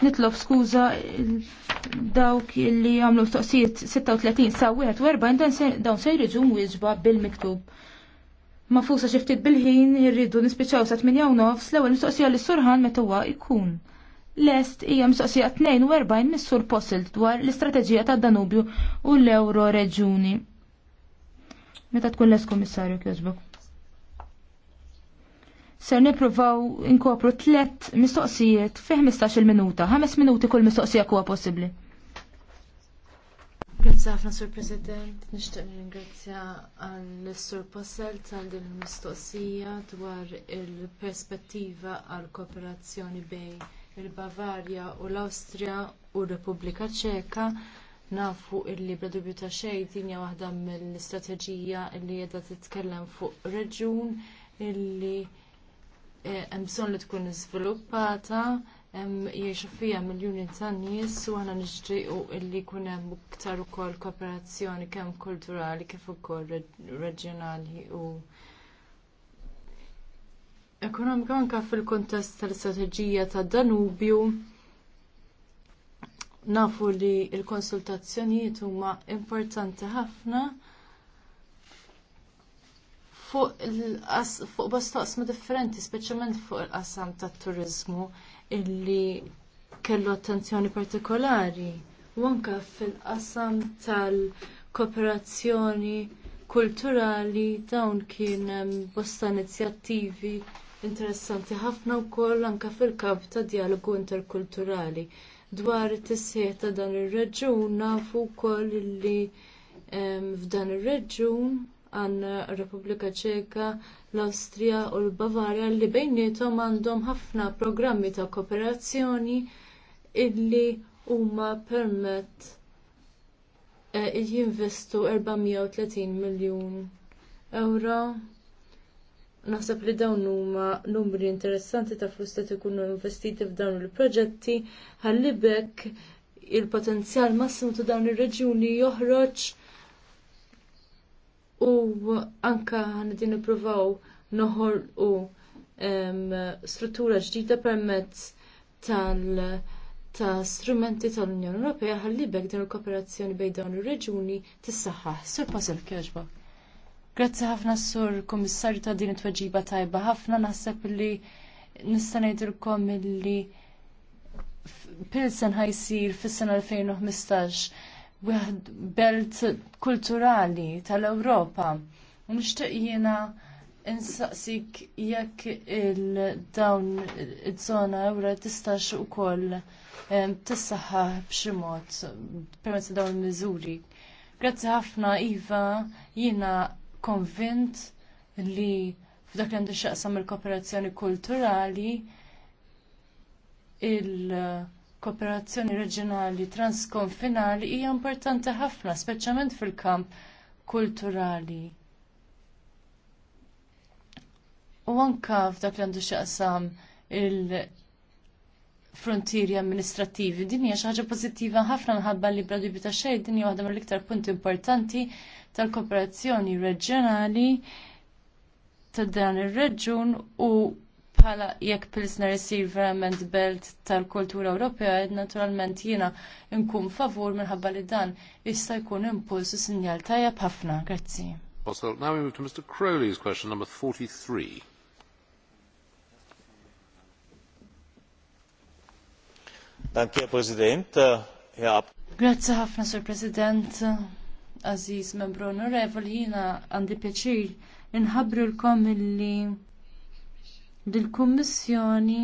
Nitlob skuża dawk li għamlu mistoqsijiet 36 sa' 41 dawn se jriġu mwieġba bil-miktub. Ma fusa xiftit bil-ħin irridu nispiċaw sa' 8 nofs l-ewwel mistoqsija lis surħan meta ikun. jkun. Lest hija mistoqsija 42 mis-sur posil dwar l-istrateġija ta' Danubju u l-Euro Reġuni. Meta tkun les komissarju kjożbok ser nipruvaw inkopru tlet mistoqsijiet fi 15 minuta. 5 minuti kull mistoqsija huwa possibbli. Grazie għafna Sur President, nixtieq ringrazzja għall Sur Possel tal din il-mistoqsija dwar il-perspettiva għal kooperazzjoni bejn il-Bavarja u l austria u r-Repubblika Ċeka nafu illi bla dubju ta' xejn dinja waħda mill-istrateġija li qiegħda titkellem fuq reġjun illi Eh, hemm bżonn li tkun iżviluppata, hemm jiexu fija miljuni ta' nies u aħna nixtiequ illi jkun hemm iktar ukoll kooperazzjoni kemm kulturali kif ukoll reġjonali u ekonomika anke fil-kuntest tal-istrateġija ta' Danubju nafu li l konsultazzjonijiet huma importanti ħafna fuq fuq bastaqsmu differenti, speċjalment fuq il-qasam tat turiżmu illi kellu attenzjoni partikolari. U anke fil-qasam tal-kooperazzjoni kulturali dawn kien bosta inizjattivi interessanti ħafna wkoll anke fil-kap ta' dialogu interkulturali dwar it-tisħiħ ta' dan ir-reġun nafu wkoll li f'dan ir-reġun għanna Repubblika Ċeka, l-Austria u l-Bavarja li bejnietom għandhom ħafna programmi ta' kooperazzjoni illi huma permett eh, jinvestu 430 miljun euro naħseb li dawn huma numri interessanti ta' flus li ikunu investiti f'dawn il-proġetti ħallibek il-potenzjal massimu ta' dawn ir-reġjuni joħroġ u anka għandin nipruvaw noħor u struttura ġdida permezz tal ta' strumenti tal-Unjoni Ewropea ħalli bek din il-kooperazzjoni bejn dawn ir-reġuni tissaħħaħ. Sur Pasel Kjoġba. Grazzi ħafna sur Kummissarju ta' din it-tweġiba tajba ħafna naħseb li nista' ngħidilkom illi Pilsen ħajsir fis-sena 2015 belt kulturali tal-Ewropa. U nixtieq jiena insaqsik jekk il-dawn iż-żona ewra tistax ukoll tissaħħa b'xi mod permezz dawn il-miżuri. Grazzi ħafna Iva, jiena konvint li f'dak li għandu il-kooperazzjoni kulturali il- kooperazzjoni reġjonali transkonfinali hija importanti ħafna, speċjalment fil-kamp kulturali. U anke f'dak li għandu x'jaqsam il-frontieri amministrativi, din hija xi ħaġa pożittiva ħafna minħabba li bla dubju ta' xejn din hija waħda mill-iktar punti importanti tal-kooperazzjoni reġjonali ta' dan ir-reġjun u bħala jekk Pilsner jisir verament belt tal-kultura Ewropea, naturalment jiena nkun favur minħabba li dan jista' jkun impuls u sinjal tajjeb ħafna. Grazzi. Grazzi now we move to Mr. Crowley's question number 43. President. Grazie ħafna, Sir President. Aziz membru onorevoli, jina għandi pjaċir Nħabru l-kom illi dil-Kummissjoni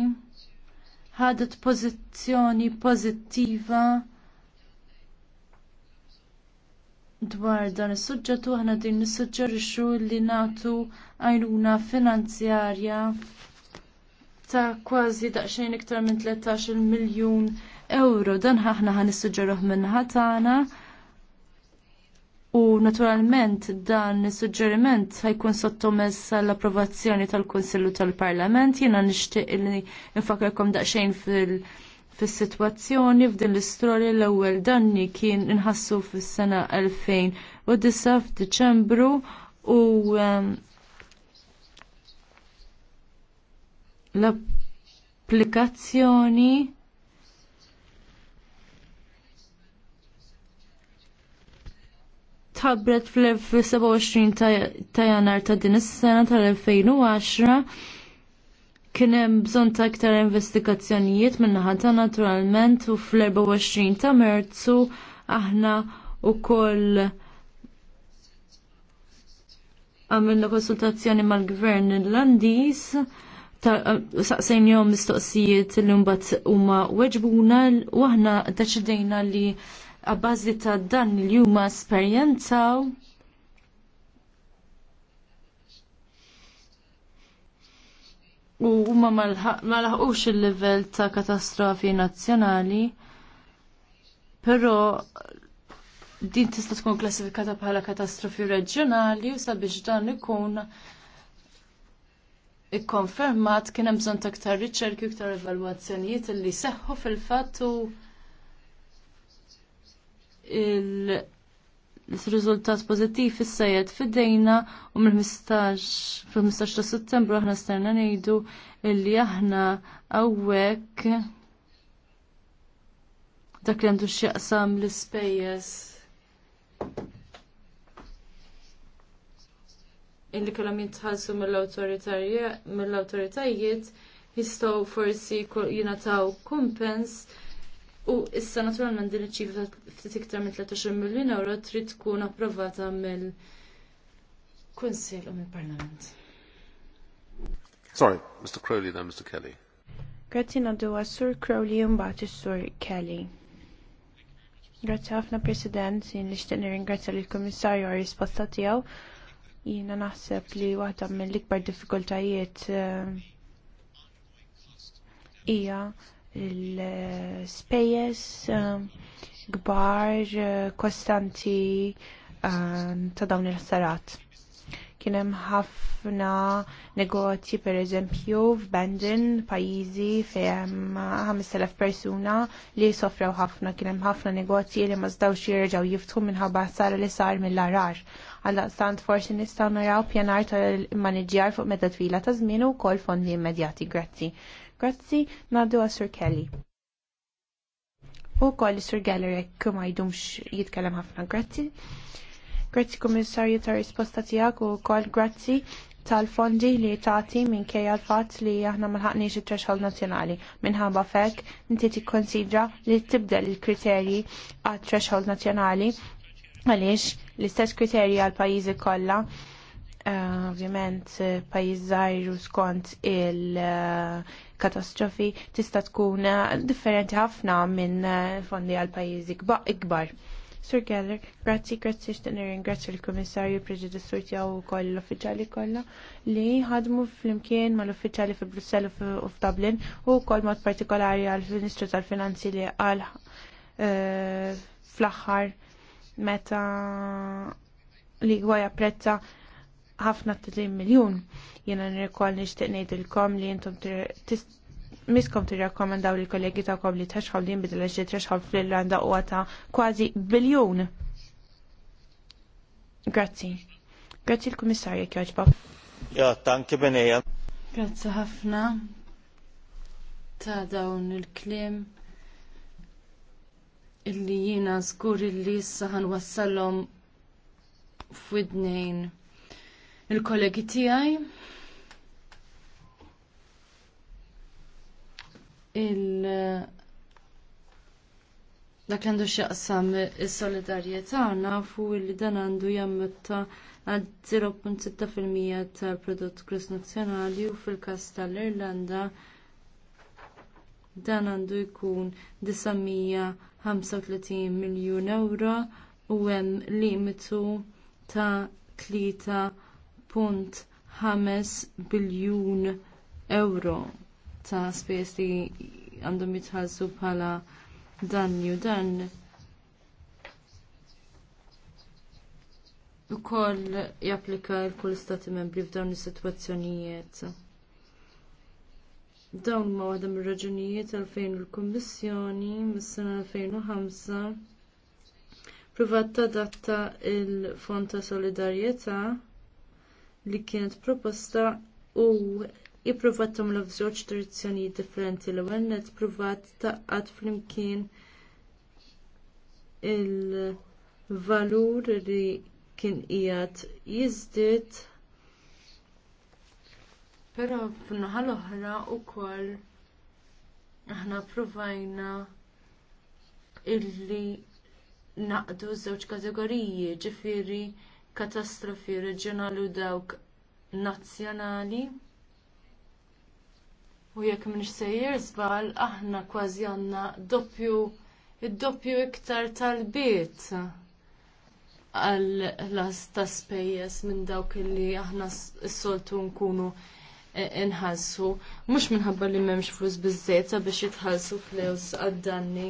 ħadet pożizzjoni pożittiva dwar dan is-suġġett u aħna din nissuġġerixxu li nagħtu għajnuna finanzjarja ta' kważi daqsxejn iktar minn 13 il miljun euro. Dan aħna ħanissuġġeruh nissuġġeruh minn ħatana naturalment dan is-suġġeriment ħajkun sottomess għall approvazzjoni tal-Kunsillu tal-Parlament. Jiena nixtieq li nfakarkom daqsxejn fil- fis-sitwazzjoni f'din l-istorja l-ewwel danni kien inħassu fis-sena 2009 f'Diċembru u ehm, l-applikazzjoni tabret fl-27 ta' janar ta' din is-sena tal-2010 kien hemm bżonn ta' iktar investigazzjonijiet min-naħa ta' naturalment u fl-24 ta' Merzu aħna wkoll għamilna konsultazzjoni mal-Gvern Irlandiż jom mistoqsijiet li mbagħad huma weġbuna u aħna deċidejna li għabazi ta' dan li huma esperjenzaw u huma ma laħqux il-livell ta' katastrofi nazzjonali, però din tista' tkun klassifikata bħala katastrofi reġjonali u sabiex dan ikun ikkonfermat kien hemm bżonn ta' iktar riċerki u iktar evalwazzjonijiet li seħħu fil-fatt u il-rizultat pozittiv fis-sejed fidejna u mill-15 fil-15 ta' Settembru aħna stajna ngħidu illi aħna hawnhekk dak li għandu x'jaqsam l-ispejjeż illi kellhom jitħallsu mill-awtoritajiet jistgħu forsi jingħataw kumpens U issa naturalment din iċ-ċifra ftit iktar minn 23 miljun euro trid tkun approvata mill-Kunsill u mill-Parlament. Sorry, Mr. Crowley then Mr. Kelly. Grazzi naddu Sur Crowley u mbagħad is-Sur Kelly. Grazzi ħafna President, jien nixtieq nirringrazzja lill kummissarju għar risposta tiegħu. Jiena naħseb li waħda mill-ikbar diffikultajiet eh, hija uh, l spejjeż kbar um, kostanti um, ta' dawn il-ħsarat. Kien hemm ħafna negozji pereżempju f'Bandin, pajjiżi fejn hemm 5000 persuna li sofrew ħafna, kien hemm ħafna negozji li ma żdawx jerġgħu jiftħu minħabba sara li sar mill-arar. stant forsi nistgħu naraw pjanar tal-maniġjar fuq meta twila ta' żmien u wkoll fondi immedjati, grazzi. Grazzi, naddu għas-Sur Kelly. U koll Sur Gallery ma jdumx jitkellem ħafna. Grazzi. Grazzi kummissarju ta' risposta tijak u koll grazzi tal-fondi li taħti minn kej għal-fat li aħna malħaqniex it-threshold nazjonali. Minħabba fek, inti tikkonsidra li tibdel il-kriterji għal-threshold nazjonali għaliex l-istess kriterji għal-pajizi kollha eh, ovvjament eh, pajiz zaħir skont il- eh, katastrofi tista' tkun eh, differenti ħafna minn eh, fondi għal pajjiżi ikbar. Sir Keller, grazzi, grazzi, xtenir ringrazzi l-Komissarju għaw tiegħu koll l-uffiċjali kollha li ħadmu flimkien mal uffiċali fi Brussell u f'Dublin u wkoll mod partikolari għall-Ministru tal-Finanzi li qal eh, fl-aħħar meta li gwa japprezza ħafna t miljun. Jena nirkoll nishtiq ngħidilkom li intom miskom tirrakkomendaw li kollegi tagħkom li threshold jinbidel għax threshold fl-Irlanda huwa ta' kważi biljun. Grazzi. Grazzi l-Kummissarju Kjoġba. Ja, tanki benija. Grazzi ħafna ta' dawn il-klim illi jina żgur illi issa wassalom f'idnejn il-kollegi tiegħi. Il dak li għandu x'jaqsam is-solidarjetà nafu li dan għandu jammetta għad 0.6% tal-prodott gross nazjonali u fil kas tal-Irlanda dan għandu jkun 935 miljun euro u hemm limitu ta' 3 1.5 biljun euro ta' spes li għandhom jitħallsu bħala danju dan ukoll japplika l-kull stati membri f'dawn is-sitwazzjonijiet. Dawn ma waħda mir-raġunijiet għal fejn il-Kummissjoni mis-sena 2005 privat tadatta il-Fond ta' Solidarjetà li kienet proposta u ippruvat tagħmlu f'żewġ direzzjonijiet differenti l ewwel net pruvat taqqad flimkien il-valur li kien qiegħed jiżdied però f'naħa l-oħra wkoll aħna provajna illi naqdu żewġ kategoriji ġifieri katastrofi reġjonali u dawk nazzjonali. U jekk minix sejjer żball aħna kważi għandna doppju id-doppju iktar tal-bit għal las ta' spejjes minn dawk li aħna s-soltu nkunu e, inħalsu. Mux minħabba li memx flus bizzeta biex jitħallsu flus għad-danni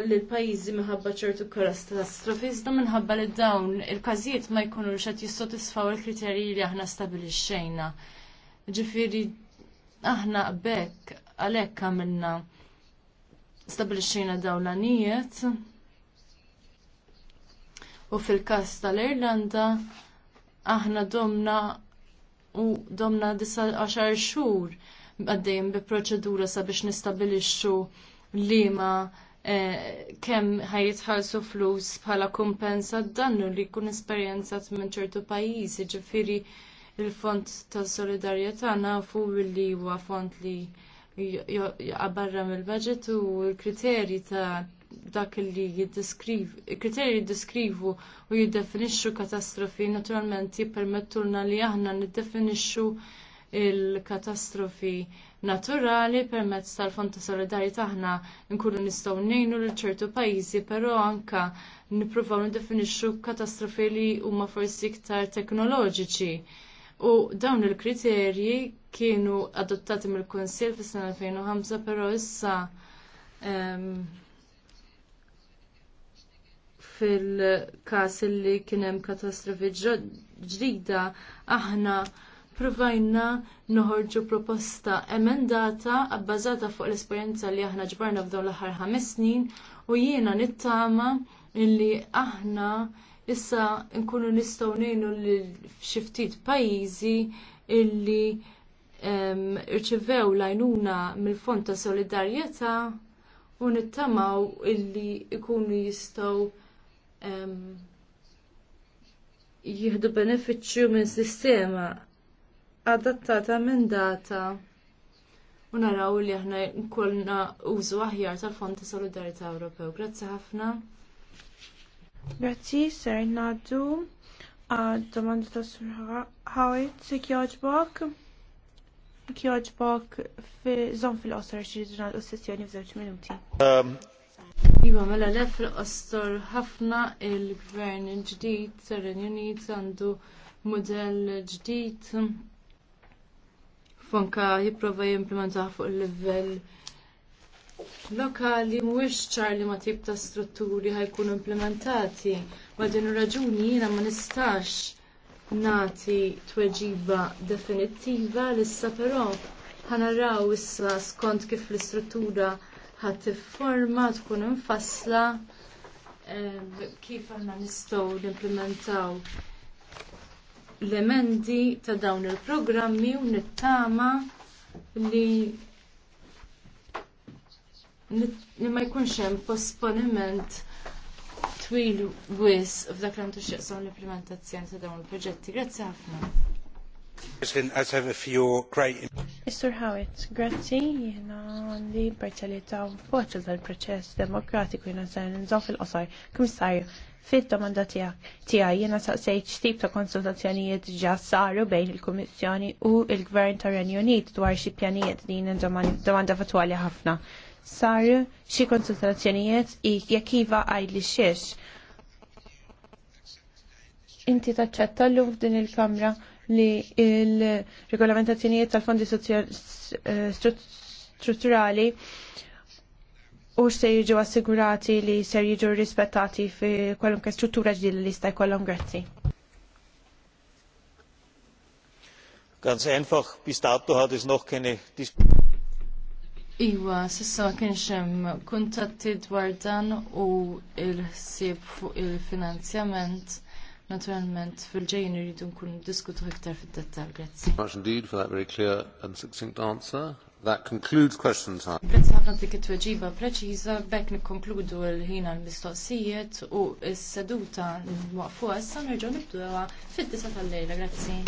l-pajizi minħabba ċertu katastrofi, iżda minħabba li dawn il-każijiet ma jkunux qed jissodisfaw il-kriterji li aħna stabilixxejna. Ġifieri aħna bekk għalhekk għamilna stabilixxejna dawn l għanijiet U fil-każ tal-Irlanda aħna domna u domna 19 xhur għaddejjem bi proċedura sabiex nistabilixxu liema Eh, kemm ħajitħallsu flus bħala kumpensa d-dannu li jkun esperjenzat minn ċertu pajjiżi, jiġifieri il-Fond ta' Solidarjetà nafu li huwa fond li jaqbarra mill-budget u l-kriterji ta' dak li jiddeskrivu, kriterji jiddeskrivu u jiddefinixxu katastrofi naturalment jippermettulna li aħna niddefinixxu il-katastrofi naturali permezz tal-Fond ta' Solidarjetà aħna nkunu nistgħu ngħinu lil ċertu pajjiżi, però anke nippruvaw nidefinixxu katastrofi li huma forsi iktar teknoloġiċi. U dawn il-kriterji kienu adottati mill-Kunsill fis-sena 2005, però issa um, ehm, fil każ li kien hemm katastrofi ġdida aħna provajna noħorġu proposta emendata abbażata fuq l-esperjenza li aħna ġbarna f'dawn l-aħħar ħames snin u jiena nittama illi aħna issa nkunu nistgħu ngħinu lil xi ftit pajjiżi illi irċivew l-għajnuna mill-Fond ta' Solidarjetà u nittamaw illi ikunu jistgħu jieħdu benefiċċju minn sistema adattata minn data u naraw li aħna nkollna użu aħjar tal-Fond ta' Solidarità Ewropew. Grazzi ħafna. Grazzi, ser ngħaddu għad domanda ta' Sur Hawit, Si kjoġbok kjoġbok fi żon fil-qosor xi ġurnal u sessjoni f'żewġ minuti. Um, iva, mela lef fil-qosor ħafna il-gvern ġdid, Renju Unit għandu modell ġdid fonka jipprova jimplementaħ fuq il-livell lokali mhuwiex ċar li ma tip ta' strutturi ħajkunu implementati. Ma din raġuni jiena ma nistax nati tweġiba definittiva issa però ħanaraw issa skont kif l-istruttura ħat forma tkun infassla eh, kif aħna nistgħu implementaw l-emendi ta' dawn il-programmi u nittama li li ma jkunx hemm posponiment twil wis f'dak li għandu xieqsam l-implementazzjoni ta' dawn il-proġetti. Grazzi ħafna. Mr. Howitt, grazzi jena li parċalità u voċa tal-proċess demokratiku jena sajn nżaw fil qosaj Kumissarju, Fid-domanda tiegħi jiena saqsejt x'tip ta' konsultazzjonijiet ġa saru bejn il-Kummissjoni u l-Gvern tar renju Unit dwar xi pjanijiet din domanda fatwali ħafna. Saru xi konsultazzjonijiet jekk iva għajli xiex. Inti taċċetta llum f'din il-Kamra li il-regolamentazzjonijiet tal-fondi eh, strutturali u se jiġu assigurati li se jiġu rispettati fi kwalunkwe struttura ġdida li sta jkollhom grazzi. Ganz einfach, bis dato hat es noch keine Iwa, sissa ma kienx hemm kuntatti dwar dan u il-ħsieb fuq il-finanzjament naturalment fil ġejn iridu nkunu diskutu iktar fid-dettall. Grazzi. Much indeed for that very clear and succinct answer. That concludes question time. Grazzi ħafna dik tweġiba preċiża bekk nikkonkludu l-ħin għall-mistoqsijiet u s-seduta waqfuha issa nerġgħu nibduha fid-disa tal-lejla. Grazzi.